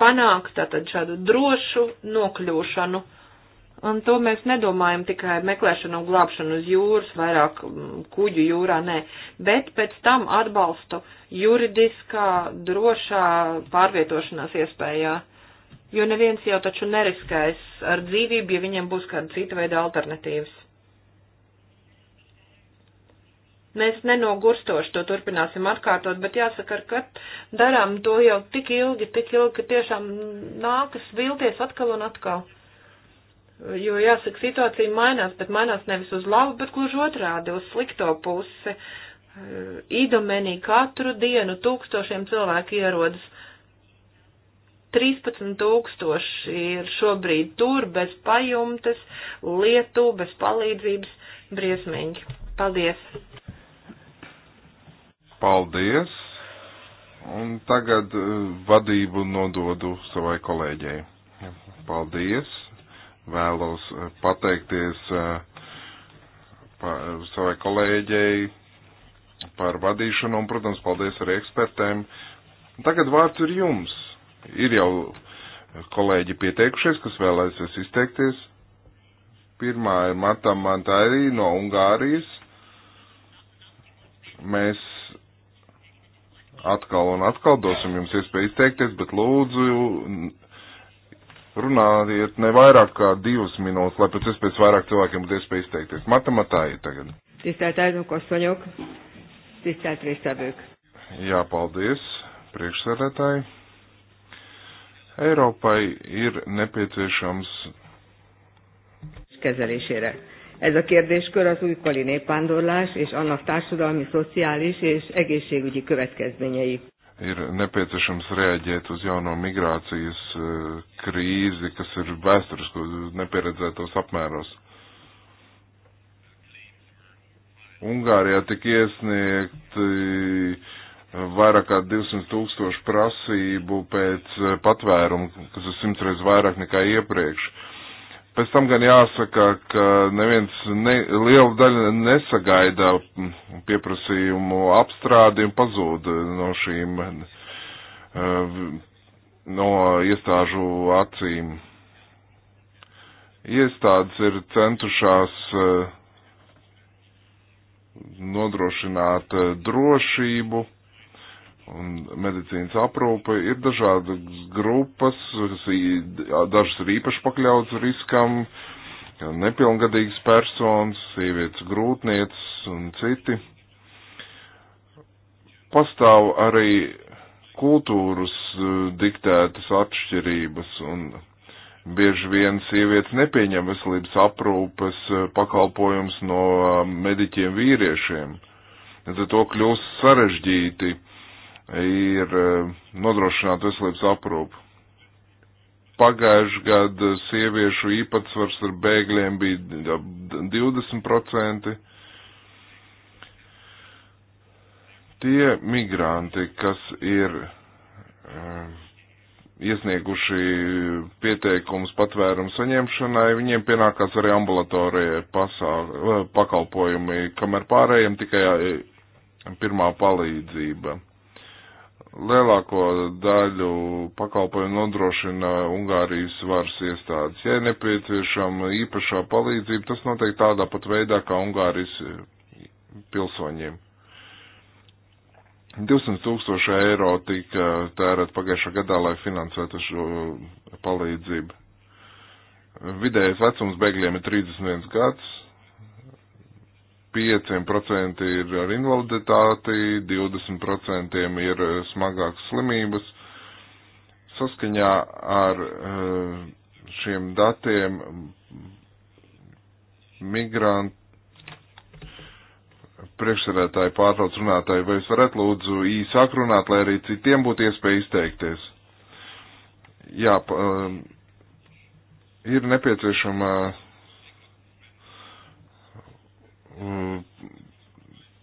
[SPEAKER 1] panākt, tātad šādu drošu nokļūšanu. Un to mēs nedomājam tikai meklēšanu un glābšanu uz jūras, vairāk mm, kuģu jūrā, nē, bet pēc tam atbalstu juridiskā, drošā pārvietošanās iespējā. Jo neviens jau taču neriskēs ar dzīvību, ja viņiem būs kāda cita veida alternatīvas. Mēs nenogurstoši to turpināsim atkārtot, bet jāsaka, ka darām to jau tik ilgi, tik ilgi, ka tiešām nākas vilties atkal un atkal. Jo jāsaka, situācija mainās, bet mainās nevis uz labu, bet gluži otrādi, uz slikto pusi. Idomenī katru dienu tūkstošiem cilvēku ierodas 13 tūkstoši ir šobrīd tur bez pajumtes, lietu, bez palīdzības, briesmīgi. Paldies!
[SPEAKER 2] Paldies! Un tagad eh, vadību nododu savai kolēģei. Paldies! Vēlos eh, pateikties eh, par savai kolēģei par vadīšanu un, protams, paldies arī ekspertēm. Tagad vārds ir jums. Ir jau kolēģi pieteikušies, kas vēlēsies izteikties. Pirmā ir Marta Mantārī no Ungārijas. Mēs atkal un atkal dosim jums iespēju izteikties, bet lūdzu runājiet ne vairāk kā divas minūtes, lai pēc iespējas vairāk cilvēkiem būtu iespēja izteikties. Matematāji tagad.
[SPEAKER 3] Tisztelt elnök asszonyok, tisztelt résztvevők!
[SPEAKER 2] Jā, paldies, priekšsēdētāji. Eiropai ir nepieciešams
[SPEAKER 3] kezelésére. Ez a kérdéskör az újkori népvándorlás és annak társadalmi, szociális és egészségügyi következményei.
[SPEAKER 2] Ir nepieciešams reaģēt uz jauno migrācijas krīzi, kas ir vēsturiski nepieredzētos apmēros. Ungārijā tika iesniegt vairāk kā 200 tūkstošu prasību pēc patvērumu, kas ir simtreiz vairāk nekā iepriekš. Uh, Pēc tam gan jāsaka, ka neviens ne, liela daļa nesagaida pieprasījumu apstrādi un pazūd no šīm eh, no iestāžu acīm. Iestādes ir centušās eh, nodrošināt eh, drošību un medicīnas aprūpe ir dažādas grupas, dažas ir īpaši pakļautas riskam, nepilngadīgas personas, sievietes grūtnieces un citi. Pastāv arī kultūras e, diktētas atšķirības un bieži vien sievietes nepieņem veselības aprūpes e, pakalpojums no e, mediķiem vīriešiem. Līdz ar to kļūst sarežģīti uh, ir eh, nodrošināt veselības aprūpu. Pagājuši gadu eh, sieviešu īpatsvars ar bēgļiem bija 20%. Tie migranti, kas ir eh, iesnieguši pieteikumus patvērumu saņemšanai, viņiem pienākās arī ambulatorie pakalpojumi, kamēr pārējiem tikai pirmā palīdzība lielāko daļu pakalpojumu nodrošina Ungārijas varas iestādes. Ja ir nepieciešama īpašā palīdzība, tas notiek tādā pat veidā kā Ungārijas eh, pilsoņiem. 200 tūkstoši eiro tika tērēt pagājušā gadā, lai finansētu šo palīdzību. Vidējais vecums bēgļiem ir 31 gads, 5% ir ar invaliditāti, 20% ir eh, smagākas slimības. Saskaņā ar eh, šiem datiem migrantu priekšsēdētāji pārtrauc runātāji, vai jūs varat lūdzu īsi akrunāt, lai arī citiem būtu iespēja izteikties? Jā, pa, eh, ir nepieciešama uh,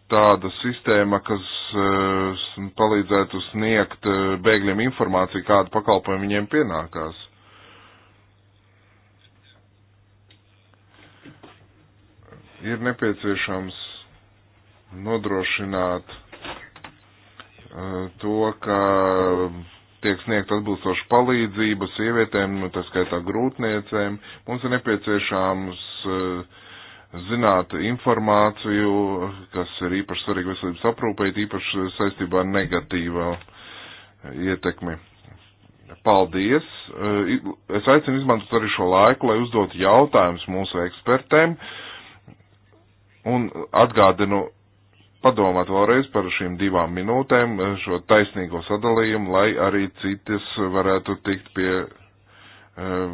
[SPEAKER 2] tāda sistēma, kas eh, palīdzētu sniegt eh, bēgļiem informāciju, kādu pakalpojumu viņiem pienākās. Ir nepieciešams nodrošināt eh, to, ka tiek sniegt atbilstoši palīdzība sievietēm, nu, tā skaitā grūtniecēm. Mums ir nepieciešams uh, zināt informāciju, kas ir īpaši svarīga veselības aprūpē, īpaši saistībā ar negatīvā ietekmi. Paldies! Es aicinu izmantot arī šo laiku, lai uzdotu jautājumus mūsu ekspertēm un atgādinu padomāt vēlreiz par šīm divām minūtēm, šo taisnīgo sadalījumu, lai arī citas varētu tikt pie eh,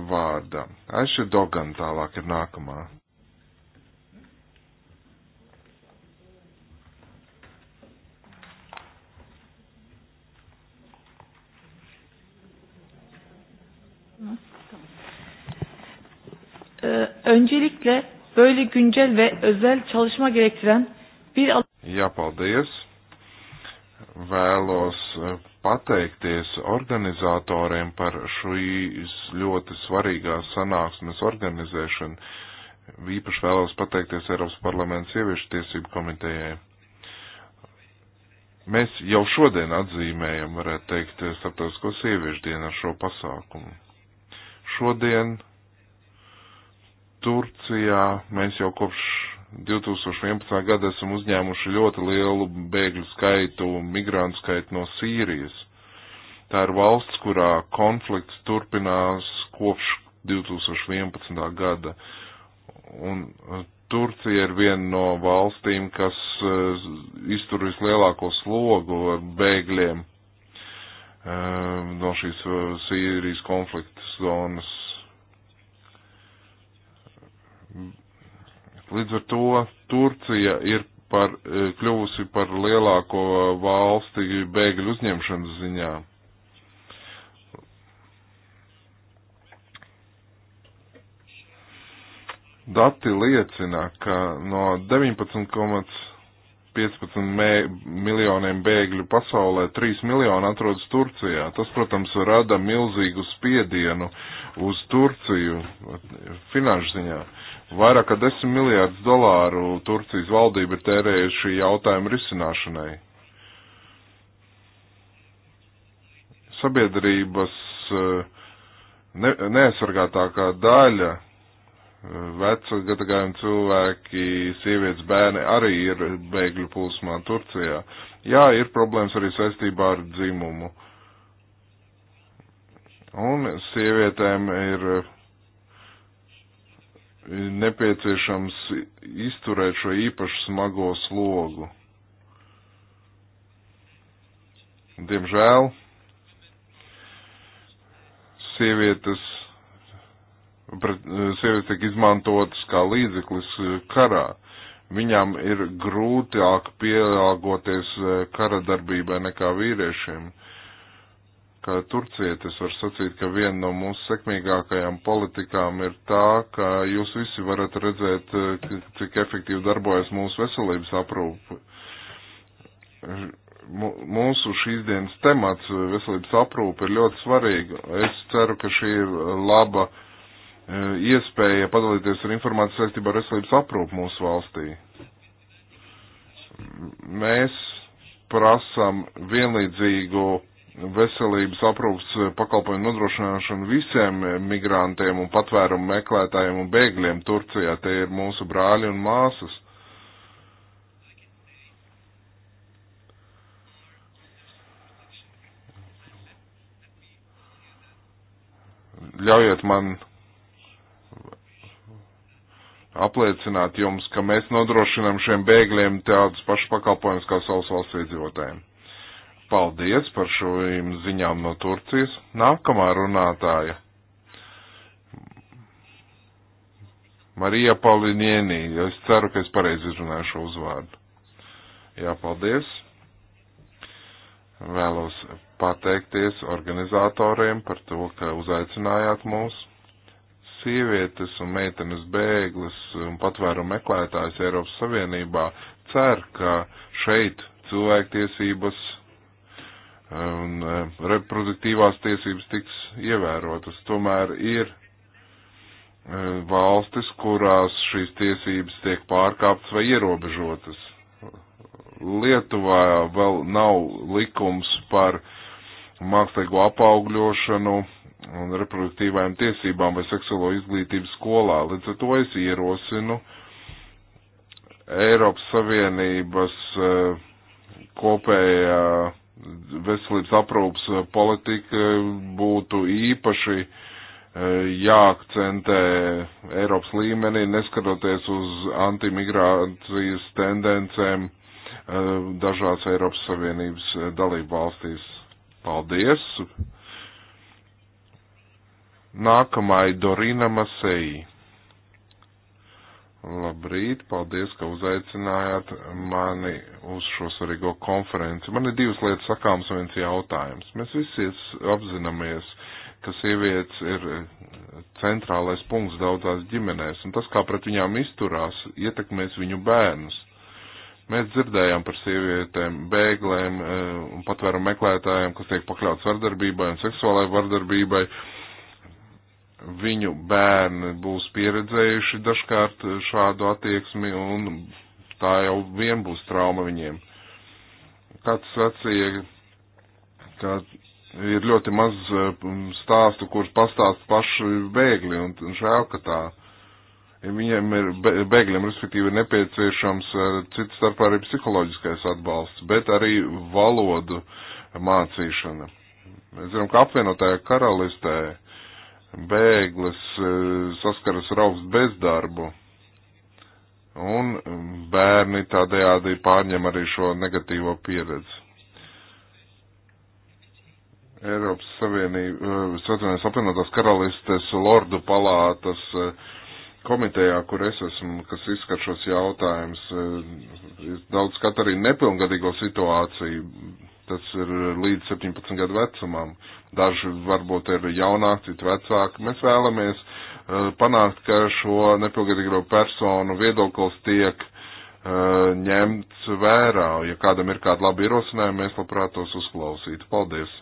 [SPEAKER 2] vārda. Aiši Dogan tālāk ir nākamā.
[SPEAKER 1] öncelikle böyle güncel ve özel çalışma gerektiren
[SPEAKER 2] bir Jā, paldies. Vēlos e, pateikties organizatoriem par šīs ļoti svarīgās sanāksmes organizēšanu. Īpaši vēlos pateikties Eiropas parlaments sieviešu tiesību komitejai. Mēs jau šodien atzīmējam, varētu teikt, starptautisko sieviešu dienu ar šo pasākumu. Šodien Turcijā mēs jau kopš 2011. gada esam uzņēmuši ļoti lielu bēgļu skaitu, migrantu skaitu no Sīrijas. Tā ir valsts, kurā konflikts turpinās kopš 2011. gada. Un uh, Turcija ir viena no valstīm, kas uh, iztur vislielāko slogu ar bēgļiem uh, no šīs Sīrijas konflikta zonas Līdz ar to Turcija ir par, e, kļuvusi par lielāko valsti bēgļu uzņemšanas ziņā. Dati liecina, ka no 19,15 miljoniem bēgļu pasaulē 3 miljoni atrodas Turcijā. Tas, protams, rada milzīgu spiedienu uz Turciju finanšu ziņā. Vairāk kā 10 miljārdus dolāru Turcijas valdība ir tērējusi šī jautājuma risināšanai. Sabiedrības eh, ne, neaizsargātākā daļa, eh, vecākajiem cilvēki, sievietes, bērni arī ir bēgļu plūsmā Turcijā. Jā, ir problēmas arī saistībā ar dzimumu. Un sievietēm ir nepieciešams izturēt šo īpaši smago slogu. Diemžēl sievietes, pret, sievietes tiek izmantotas kā līdzeklis karā. Viņām ir grūtāk pielāgoties kara darbībai nekā vīriešiem. Uh, kā turciet, es varu sacīt, ka viena no mūsu sekmīgākajām politikām ir tā, ka jūs visi varat redzēt, eh, cik efektīvi darbojas mūsu veselības aprūpe. Mūsu šīs dienas temats veselības aprūpe ir ļoti svarīga. Es ceru, ka šī ir laba eh, iespēja padalīties ar informāciju saistībā ar veselības aprūpu mūsu valstī. Mēs prasam vienlīdzīgu veselības aprūpas eh, pakalpojumu nodrošināšanu visiem eh, migrantiem un patvērumu meklētājiem un bēgļiem Turcijā. Tie ir mūsu brāļi un māsas. Ļaujiet man apliecināt jums, ka mēs nodrošinām šiem bēgļiem tādus pašus pakalpojumus kā savus valsts iedzīvotājiem. Paldies par šīm ziņām no Turcijas. Nākamā runātāja. Marija Palinienī. Es ceru, ka es pareizi izrunāju šo uzvārdu. Jā, paldies. Vēlos pateikties organizatoriem par to, ka uzaicinājāt mūs. Sievietes un meitenes bēglis un patvēru meklētājs Eiropas Savienībā cer, ka šeit cilvēktiesības un e, reproduktīvās tiesības tiks ievērotas. Tomēr ir e, valstis, kurās šīs tiesības tiek pārkāptas vai ierobežotas. Lietuvā vēl nav likums par mākslīgo apaugļošanu un reproduktīvajām tiesībām vai seksuālo izglītību skolā. Līdz ar to es ierosinu Eiropas Savienības e, kopējā veselības aprūpas politika būtu īpaši e, jāakcentē Eiropas līmenī, neskatoties uz antimigrācijas tendencēm e, dažās Eiropas Savienības e, dalību valstīs. Paldies! Nākamai Dorina Masei. Labrīt, paldies, ka uzaicinājāt mani uz šo svarīgo konferenci. Man ir divas lietas sakāms un viens jautājums. Mēs visi apzināmies, ka sievietes ir centrālais punkts daudzās ģimenēs, un tas, kā pret viņām izturās, ietekmēs viņu bērnus. Mēs dzirdējām par sievietēm, bēglēm eh, un patvērumu meklētājiem, kas tiek pakļauts vardarbībai un seksuālai vardarbībai. Uh, viņu bērni būs pieredzējuši dažkārt šādu attieksmi, un tā jau vien būs trauma viņiem. Kāds sacīja, ka ir ļoti maz um, stāstu, kurus pastāst paši bēgļi, un žēl, ka tā. Viņiem ir bēgļiem, respektīvi, nepieciešams uh, cits starpā arī psiholoģiskais atbalsts, bet arī valodu mācīšana. Mēs zinām, ka apvienotajā karalistē uh, bēglis e, saskaras ar augstu bezdarbu, un bērni tādējādi pārņem arī šo negatīvo pieredzi. Eiropas Savienības, e, Savienības apvienotās karalistes Lordu palātas e, komitejā, kur es esmu, kas izskat šos jautājumus, daudz skat arī nepilngadīgo situāciju, tas ir līdz 17 gadu vecumam. Daži varbūt ir jaunāki, citi vecāki. Mēs vēlamies eh, panākt, ka šo nepilngadīgo personu viedoklis tiek uh, ņemts vērā. Ja kādam ir kādi labi ierosinājumi, mēs labprāt tos uzklausītu. Paldies!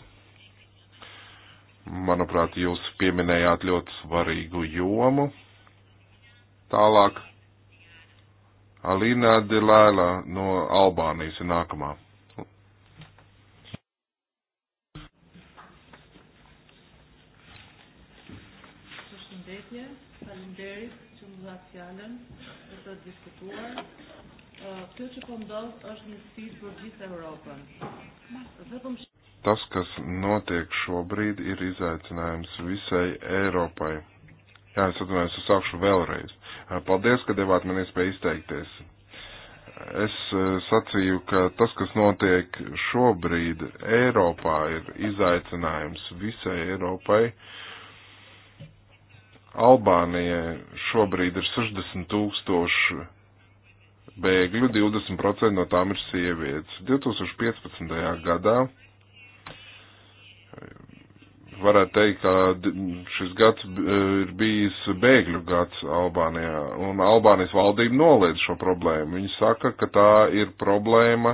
[SPEAKER 2] Manuprāt, jūs pieminējāt ļoti svarīgu jomu. Tālāk. Alīna Dilaila no Albānijas ir nākamā.
[SPEAKER 1] profesionalen, dhe të diskutuar. Uh, kjo që po ndodh është një sfidë për gjithë
[SPEAKER 3] Europën. Vetëm
[SPEAKER 2] Tas, kas notiek šobrīd, ir izaicinājums visai Eiropai. Jā, es atvainojos, es sākšu vēlreiz. Paldies, ka devāt man iespēju izteikties. Es sacīju, ka tas, kas notiek šobrīd Eiropā, ir izaicinājums visai Eiropai. Uh, Albānijai šobrīd ir 60 tūkstoši bēgļu, 20% no tām ir sievietes. 2015. gadā varētu teikt, ka šis gads e, ir bijis bēgļu gads Albānijā, un Albānijas valdība noliedz šo problēmu. Viņi saka, ka tā ir problēma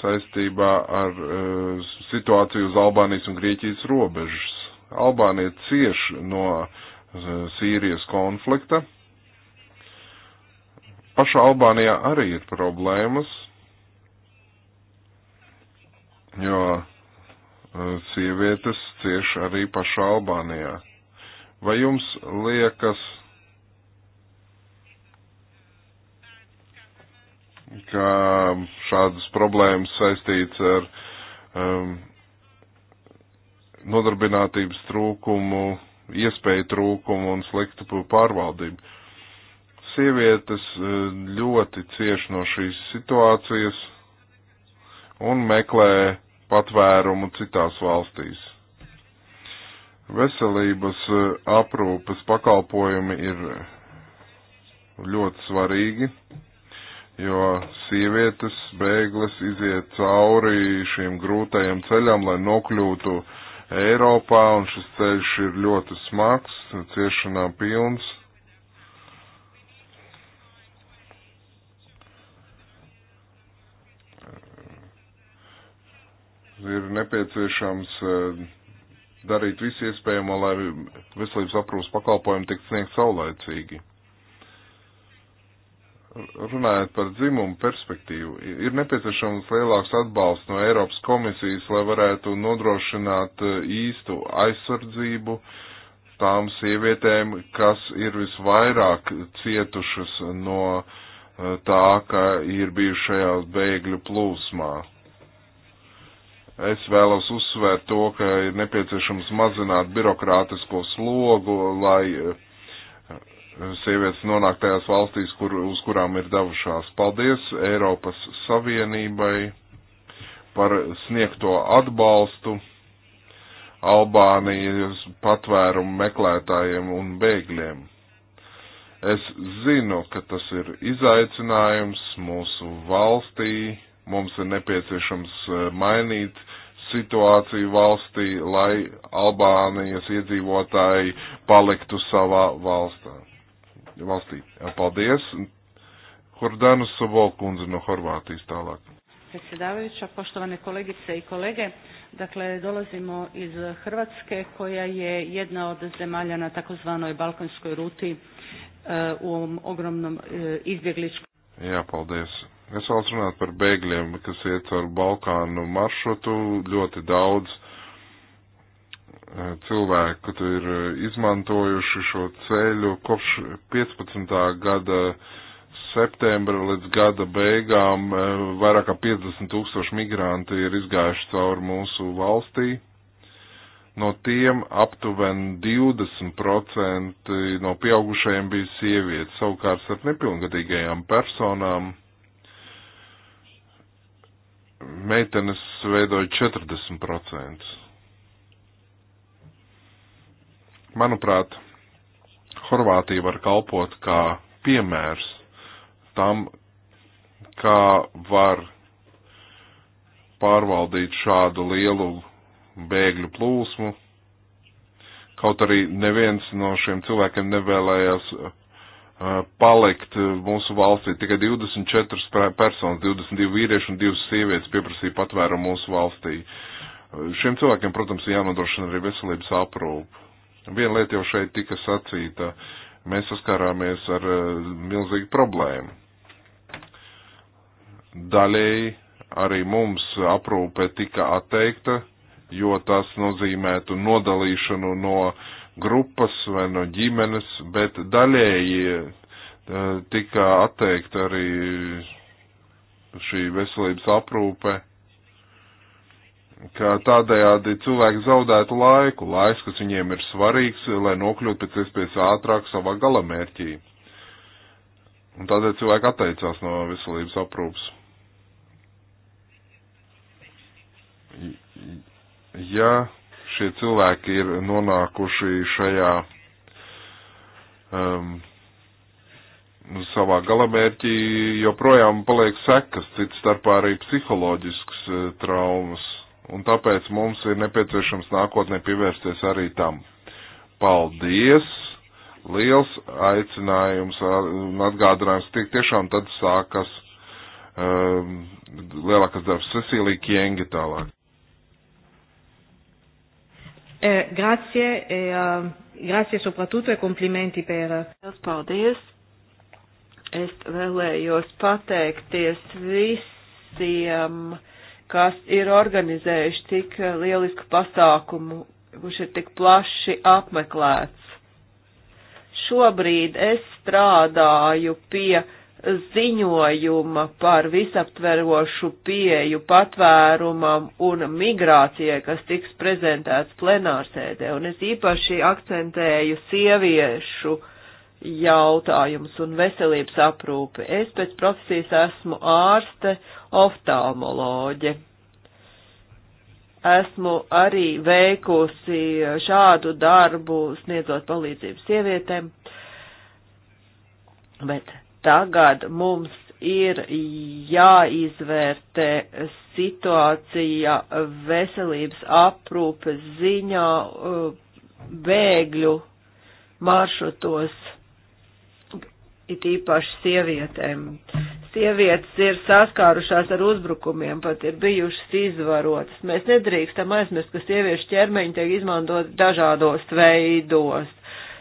[SPEAKER 2] saistībā ar uh, situāciju uz Albānijas un Grieķijas robežas Albānija cieš no eh, Sīrijas konflikta. Pašā Albānijā arī ir problēmas, jo eh, sievietes cieš arī pašā Albānijā. Vai jums liekas, ka šādas problēmas saistīts ar um, nodarbinātības trūkumu, iespēju trūkumu un sliktu pārvaldību. Sievietes e, ļoti cieš no šīs situācijas un meklē patvērumu citās valstīs. Veselības e, aprūpes pakalpojumi ir ļoti svarīgi, jo sievietes bēgles iziet cauri šiem grūtajiem ceļam, lai nokļūtu uh, Eiropā, un šis ceļš ir ļoti smags, ciešanām pilns. Ir nepieciešams eh, darīt visu iespējamo, lai veselības aprūpas pakalpojumi tiktu sniegt saulēcīgi runājot par dzimumu perspektīvu, ir nepieciešams lielāks atbalsts no Eiropas komisijas, lai varētu nodrošināt e, īstu aizsardzību tām sievietēm, kas ir visvairāk cietušas no e, tā, ka ir bijušajā bēgļu plūsmā. Es vēlos uzsvērt to, ka ir nepieciešams mazināt birokrātisko slogu, lai e, sievietes nonāk tajās valstīs, kur, uz kurām ir devušās. Paldies Eiropas Savienībai par sniegto atbalstu Albānijas patvērumu meklētājiem un bēgļiem. Es zinu, ka tas ir izaicinājums mūsu valstī, mums ir nepieciešams e, mainīt situāciju valstī, lai Albānijas iedzīvotāji paliktu savā valstā valstī. Paldies! Hordana Sobolkundze no Horvātijas tālāk.
[SPEAKER 1] Predsjedavajuća, poštovane kolegice i kolege, dakle dolazimo iz Hrvatske koja je jedna od zemalja na takozvanoj balkanskoj ruti e, u ovom
[SPEAKER 3] ogromnom e, izbjegličkom.
[SPEAKER 2] Jā, paldies. Es vēlos runāt par bēgļiem, kas iet ar Balkānu maršrutu. Ļoti daudz cilvēki, kad ir eh, izmantojuši šo ceļu kopš 15. gada septembra līdz gada beigām eh, vairāk kā 50 tūkstoši migranti ir izgājuši cauri mūsu valstī. No tiem aptuveni 20% no pieaugušajiem bija sievietes, savukārt ar nepilngadīgajām personām meitenes veidoja 40%. Manuprāt, Horvātija var kalpot kā piemērs tam, kā var pārvaldīt šādu lielu bēgļu plūsmu. Kaut arī neviens no šiem cilvēkiem nevēlējās palikt mūsu valstī. Tikai 24 personas, 22 vīrieši un 2 sievietes pieprasīja patvērumu mūsu valstī. Šiem cilvēkiem, protams, ir jānodrošina arī veselības aprūpe. Viena lieta jau šeit tika sacīta, mēs saskārāmies ar eh, milzīgu problēmu. Daļēji arī mums aprūpe tika atteikta, jo tas nozīmētu nodalīšanu no grupas vai no ģimenes, bet daļēji eh, tika atteikta arī šī veselības aprūpe ka tādējādi cilvēki zaudētu laiku, laiks, kas viņiem ir svarīgs, lai nokļūtu pēc iespējas ātrāk savā galamērķī. Un tādēļ cilvēki atteicās no veselības aprūpas. Ja šie cilvēki ir nonākuši šajā um, savā galamērķī, joprojām paliek sekas, cits starpā arī psiholoģisks uh, traumas un tāpēc mums ir nepieciešams nākotnē pievērsties arī tam. Paldies! Liels aicinājums un atgādinājums tiek tiešām tad sākas um, lielākas darbs. Cecīlija Kiengi tālāk.
[SPEAKER 3] Eh, grazie, e, uh, grazie soprattutto e complimenti per. Paldies. Es vēlējos pateikties visiem. Uh, kas ir organizējuši tik lielisku pasākumu, kurš ir tik plaši apmeklēts. Šobrīd es strādāju pie ziņojuma par visaptverošu pieju patvērumam un migrācijai, kas tiks prezentēts plenārsēdē, un es īpaši akcentēju sieviešu uh, jautājums un veselības aprūpe. Es pēc profesijas esmu ārste oftalmoloģe. Esmu arī veikusi šādu darbu, sniedzot palīdzību sievietēm, bet tagad mums ir jāizvērtē situācija veselības aprūpes ziņā uh, bēgļu maršrutos it īpaši sievietēm. Sievietes ir saskārušās ar uzbrukumiem, pat ir bijušas izvarotas. Mēs nedrīkstam aizmirst, ka sieviešu ķermeņi tiek izmantot dažādos veidos.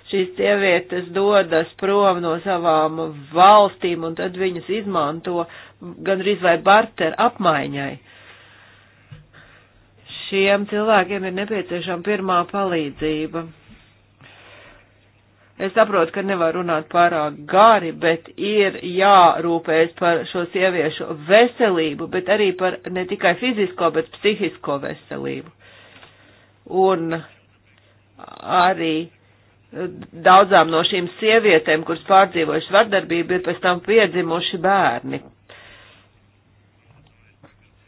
[SPEAKER 3] Šīs sievietes dodas prom no savām valstīm un tad viņas izmanto gandrīz vai barter apmaiņai. Šiem cilvēkiem ir nepieciešama pirmā palīdzība Es saprotu, ka nevar runāt pārāk gari, bet ir jārūpējas par šo sieviešu veselību, bet arī par ne tikai fizisko, bet psihisko veselību. Un arī eh, daudzām no šīm sievietēm, kuras pārdzīvojuši vardarbību, ir pēc tam piedzimuši bērni,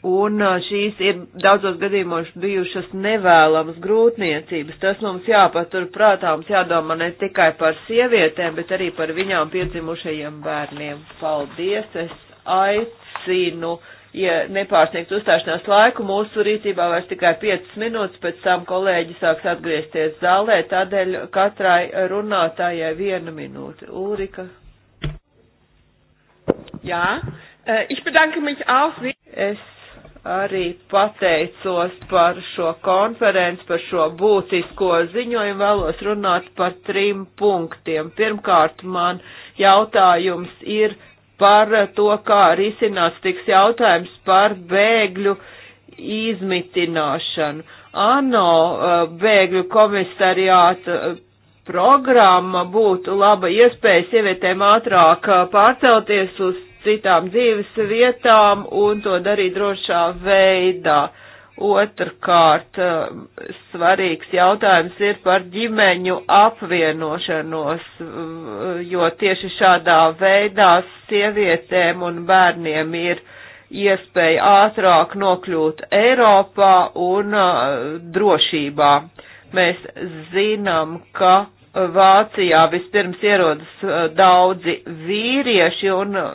[SPEAKER 3] Un šīs ir daudzos gadījumos bijušas nevēlamas grūtniecības. Tas mums jāpatur prātā, mums jādomā ne tikai par sievietēm, bet arī par viņām piedzimušajiem bērniem. Paldies! Es aicinu, ja nepārsniegt uzstāšanās laiku, mūsu rīcībā vairs tikai 5 minūtes, pēc tam kolēģi sāks atgriezties zālē, tādēļ katrai runātājai viena minūte. Ulrika. Jā, ich bedanke mich auch. Es arī pateicos par šo konferenci, par šo būtisko ziņojumu. Vēlos runāt par trim punktiem. Pirmkārt, man jautājums ir par to, kā risināts tiks jautājums par bēgļu izmitināšanu. ANO eh, bēgļu komisariāta eh, programma būtu laba iespēja sievietēm ātrāk eh, pārcelties uz citām dzīves vietām un to darīt drošā veidā. Otrkārt, svarīgs jautājums ir par ģimeņu apvienošanos, jo tieši šādā veidā sievietēm un bērniem ir iespēja ātrāk nokļūt Eiropā un drošībā. Mēs zinām, ka Vācijā vispirms ierodas uh, daudzi vīrieši un uh,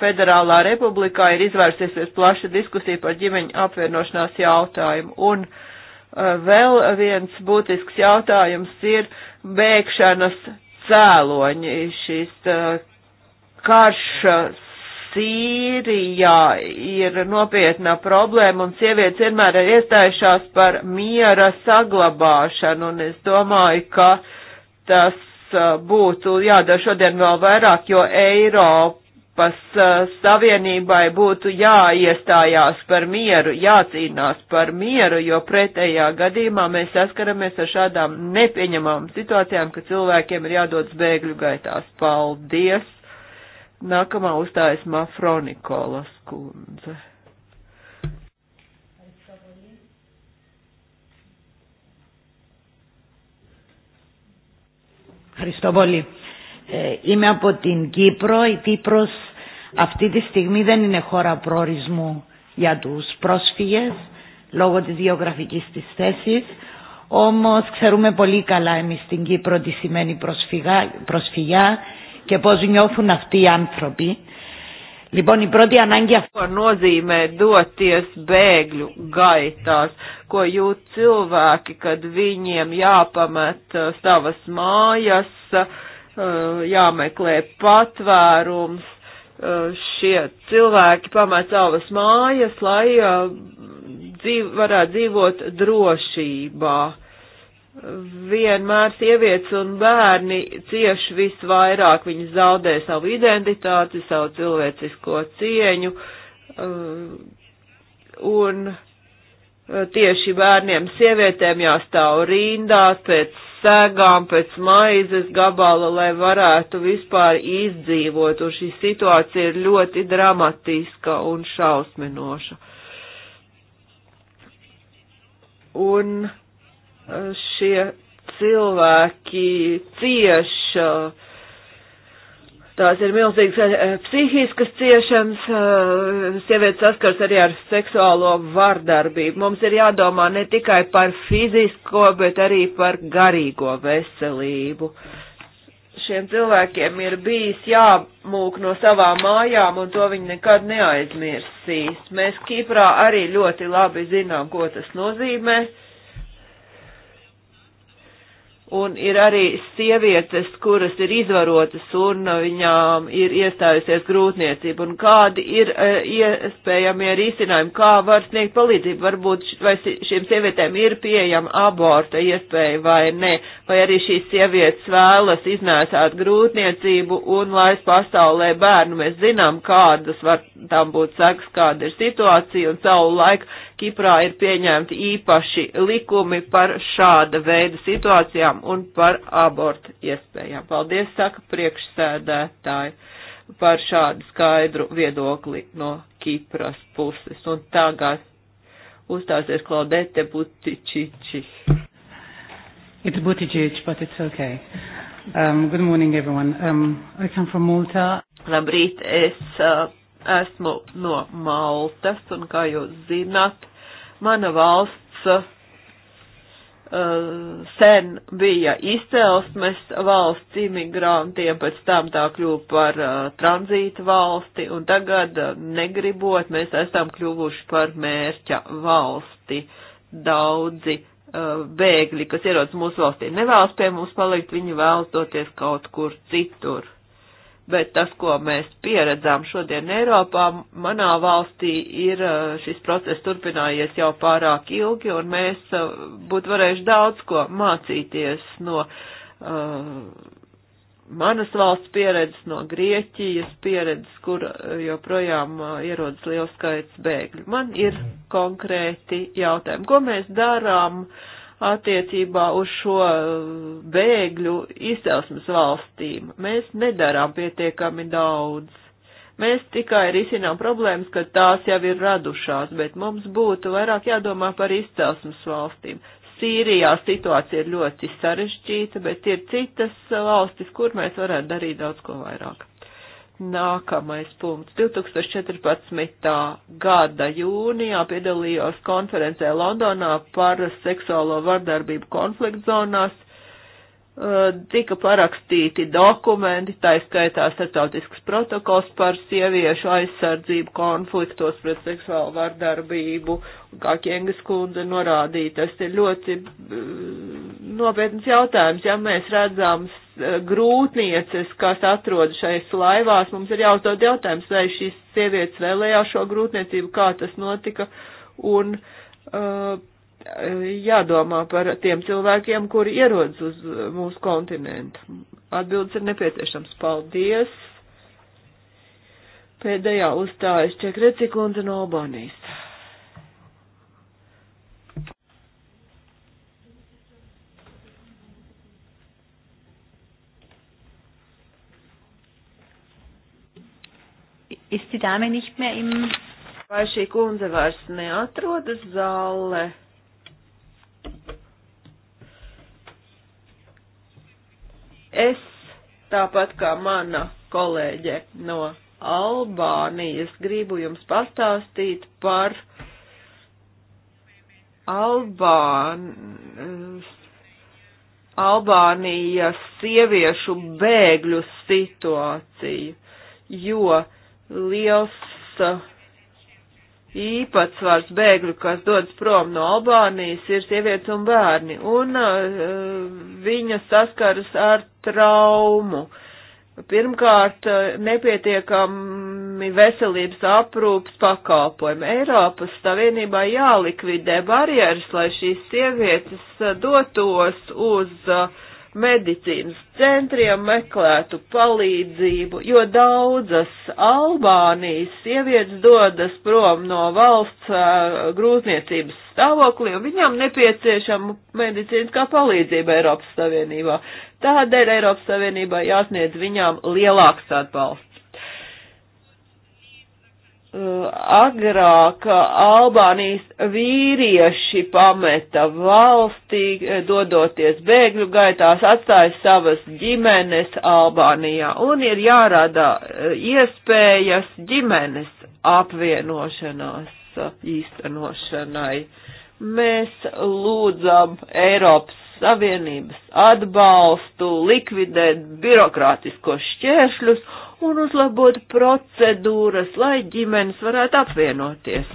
[SPEAKER 3] Federālā republikā ir izvērsies plaša diskusija par ģimeņu apvienošanās jautājumu. Un uh, vēl viens būtisks jautājums ir bēgšanas cēloņi. Šis karš Sīrijā ir nopietna problēma un sievietes vienmēr ir iestājušās par miera saglabāšanu. Un es domāju, ka uh, tas uh, būtu jādara šodien vēl vairāk, jo Eiropas uh, Savienībai būtu jāiestājās par mieru, jācīnās par mieru, jo pretējā gadījumā mēs saskaramies ar šādām nepieņemamām situācijām, ka cilvēkiem ir jādodas bēgļu gaitās. Paldies! Nākamā uzstājas Mafronikolas kundze. Ευχαριστώ πολύ. Ε, είμαι από την Κύπρο. Η Κύπρος αυτή τη στιγμή δεν είναι χώρα προορισμού για τους πρόσφυγες λόγω της γεωγραφικής της θέσης. Όμως ξέρουμε πολύ καλά εμείς στην Κύπρο τι σημαίνει προσφυγά, προσφυγιά και πώς νιώθουν αυτοί οι άνθρωποι. Λοιπόν, η πρώτη ανάγκη αυτό nozīmē doties bēgļu gaitās, ko jūt cilvēki, kad viņiem jāpamet uh, savas mājas, uh, jāmeklē patvērums. Uh, šie cilvēki pamet savas mājas, lai dzīv, varētu dzīvot drošībā vienmēr sievietes un bērni cieši visvairāk, viņi zaudē savu identitāti, savu cilvēcisko cieņu, uh, un uh, tieši bērniem sievietēm jāstāv rindās pēc sēgām, pēc maizes gabala, lai varētu vispār izdzīvot, un šī situācija ir ļoti dramatiska un šausminoša. Un šie cilvēki cieša. Tās ir milzīgas eh, psihiskas ciešanas, eh, sievietes saskars arī ar seksuālo vardarbību. Mums ir jādomā ne tikai par fizisko, bet arī par garīgo veselību. Šiem cilvēkiem ir bijis jāmūk no savām mājām, un to viņi nekad neaizmirsīs. Mēs Kiprā arī ļoti labi zinām, ko tas nozīmē. Uh, Un ir arī sievietes, kuras ir izvarotas un viņām ir iestājusies grūtniecība. Un kādi ir uh, iespējamie risinājumi, kā var sniegt palīdzību? Varbūt vai šīm sievietēm ir pieejama aborta iespēja vai ne? Vai arī šīs sievietes vēlas iznēsāt grūtniecību un laist pasaulē bērnu? Mēs zinām, kādas var tam būt sekas, kāda ir situācija un savu laiku Kiprā ir pieņemti īpaši likumi par šāda veida situācijām un par abortu iespējām. Paldies, saka priekšsēdētāji, par šādu skaidru viedokli no Kipras puses. Un tagad uzstāsies Klaudete Butičiči.
[SPEAKER 1] It's Butičiči, but it's okay. Um, good morning, everyone. Um, I come from Malta.
[SPEAKER 3] Labrīt, es uh, Esmu no Maltas, un kā jūs zināt, mana valsts uh, sen bija izcelsmes valsts imigrantiem, pēc tam tā kļuva par uh, tranzītu valsti, un tagad, uh, negribot, mēs esam kļuvuši par mērķa valsti. Daudzi uh, bēgļi, kas ierodas mūsu valstī, nevēlas pie mums palikt, viņi vēlas doties kaut kur citur bet tas, ko mēs pieredzām šodien Eiropā, manā valstī ir šis process turpinājies jau pārāk ilgi, un mēs būtu varējuši daudz ko mācīties no uh, manas valsts pieredzes, no Grieķijas pieredzes, kur joprojām ierodas liels skaits bēgļu. Man ir konkrēti jautājumi, ko mēs darām uh, attiecībā uz šo eh, bēgļu izcelsmes valstīm. Mēs nedarām pietiekami daudz. Mēs tikai risinām problēmas, ka tās jau ir radušās, bet mums būtu vairāk jādomā par izcelsmes valstīm. Sīrijā situācija ir ļoti sarežģīta, bet ir citas valstis, kur mēs varētu darīt daudz ko vairāk. Nākamais punkts. 2014. gada jūnijā piedalījos konferencē Londonā par seksuālo vardarbību konfliktzonas Eh, tika parakstīti dokumenti, tā izskaitā starptautisks protokols par sieviešu aizsardzību konfliktos pret seksuālu vardarbību, un kā Kiengas kundze norādīja, tas ir ļoti eh, nopietns jautājums. Ja mēs redzam eh, grūtnieces, kas atrodas šais laivās, mums ir jāuzdod jautājums, vai šīs sievietes vēlējās šo grūtniecību, kā tas notika, un uh, jādomā par tiem cilvēkiem, kuri ierodas uz mūsu kontinentu. Atbildes ir nepieciešams. Paldies! Pēdējā uzstājas Čekreci kundze no Albanijas. Ist die Dame nicht mehr im... Vai šī kundze vairs neatrodas zālē? Es, tāpat kā mana kolēģe no Albānijas, gribu jums pastāstīt par Albānijas Albānijas sieviešu bēgļu situāciju, jo liels īpatsvars bēgļu, kas dodas prom no Albānijas, ir sievietes un bērni, un uh, viņas saskaras ar traumu. Pirmkārt, uh, nepietiekami veselības aprūpas pakalpojumi. Eiropas Savienībā jālikvidē barjeras, lai šīs sievietes uh, dotos uz uh, medicīnas centriem meklētu palīdzību, jo daudzas Albānijas sievietes dodas prom no valsts uh, grūtniecības stāvoklī, un viņām nepieciešama medicīniskā palīdzība Eiropas Savienībā. Tādēļ Eiropas Savienībā jāsniedz viņām lielāks atbalsts. Eh, agrāk Albānijas vīrieši pameta valstī, eh, dodoties bēgļu gaitās, atstāja savas ģimenes Albānijā un ir jārada eh, iespējas ģimenes apvienošanās īstenošanai. Mēs lūdzam Eiropas Savienības atbalstu, likvidēt birokrātiskos šķēršļus un uzlabot procedūras, lai ģimenes varētu apvienoties.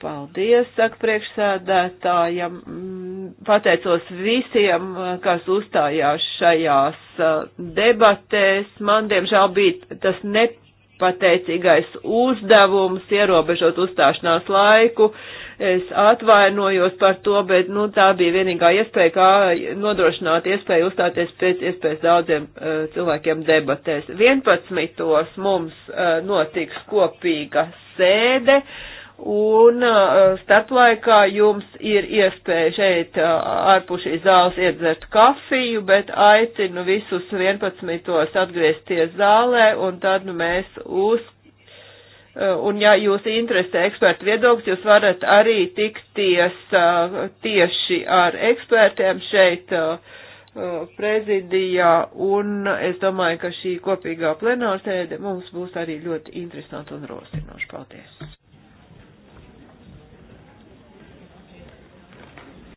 [SPEAKER 3] Paldies, saka priekšsēdētājam. Mm, pateicos visiem, kas uzstājās šajās uh, debatēs. Man, diemžēl, bija tas nepateicīgais uzdevums ierobežot uzstāšanās laiku, Es atvainojos par to, bet nu, tā bija vienīgā iespēja, kā nodrošināt iespēju uzstāties pēc iespējas daudziem uh, cilvēkiem debatēs. 11. mums uh, notiks kopīga sēde. Un uh, starplaikā jums ir iespēja šeit uh, ārpus šīs zāles iedzert kafiju, bet aicinu visus 11. atgriezties zālē un tad nu, mēs uzstāsimies Eh, un ja jūs interesē ekspertu viedoklis, jūs varat arī tikties eh, tieši ar ekspertiem šeit eh, prezidijā, un es domāju, ka šī kopīgā plenārsēde mums būs arī ļoti interesanta un rosinoša. Paldies!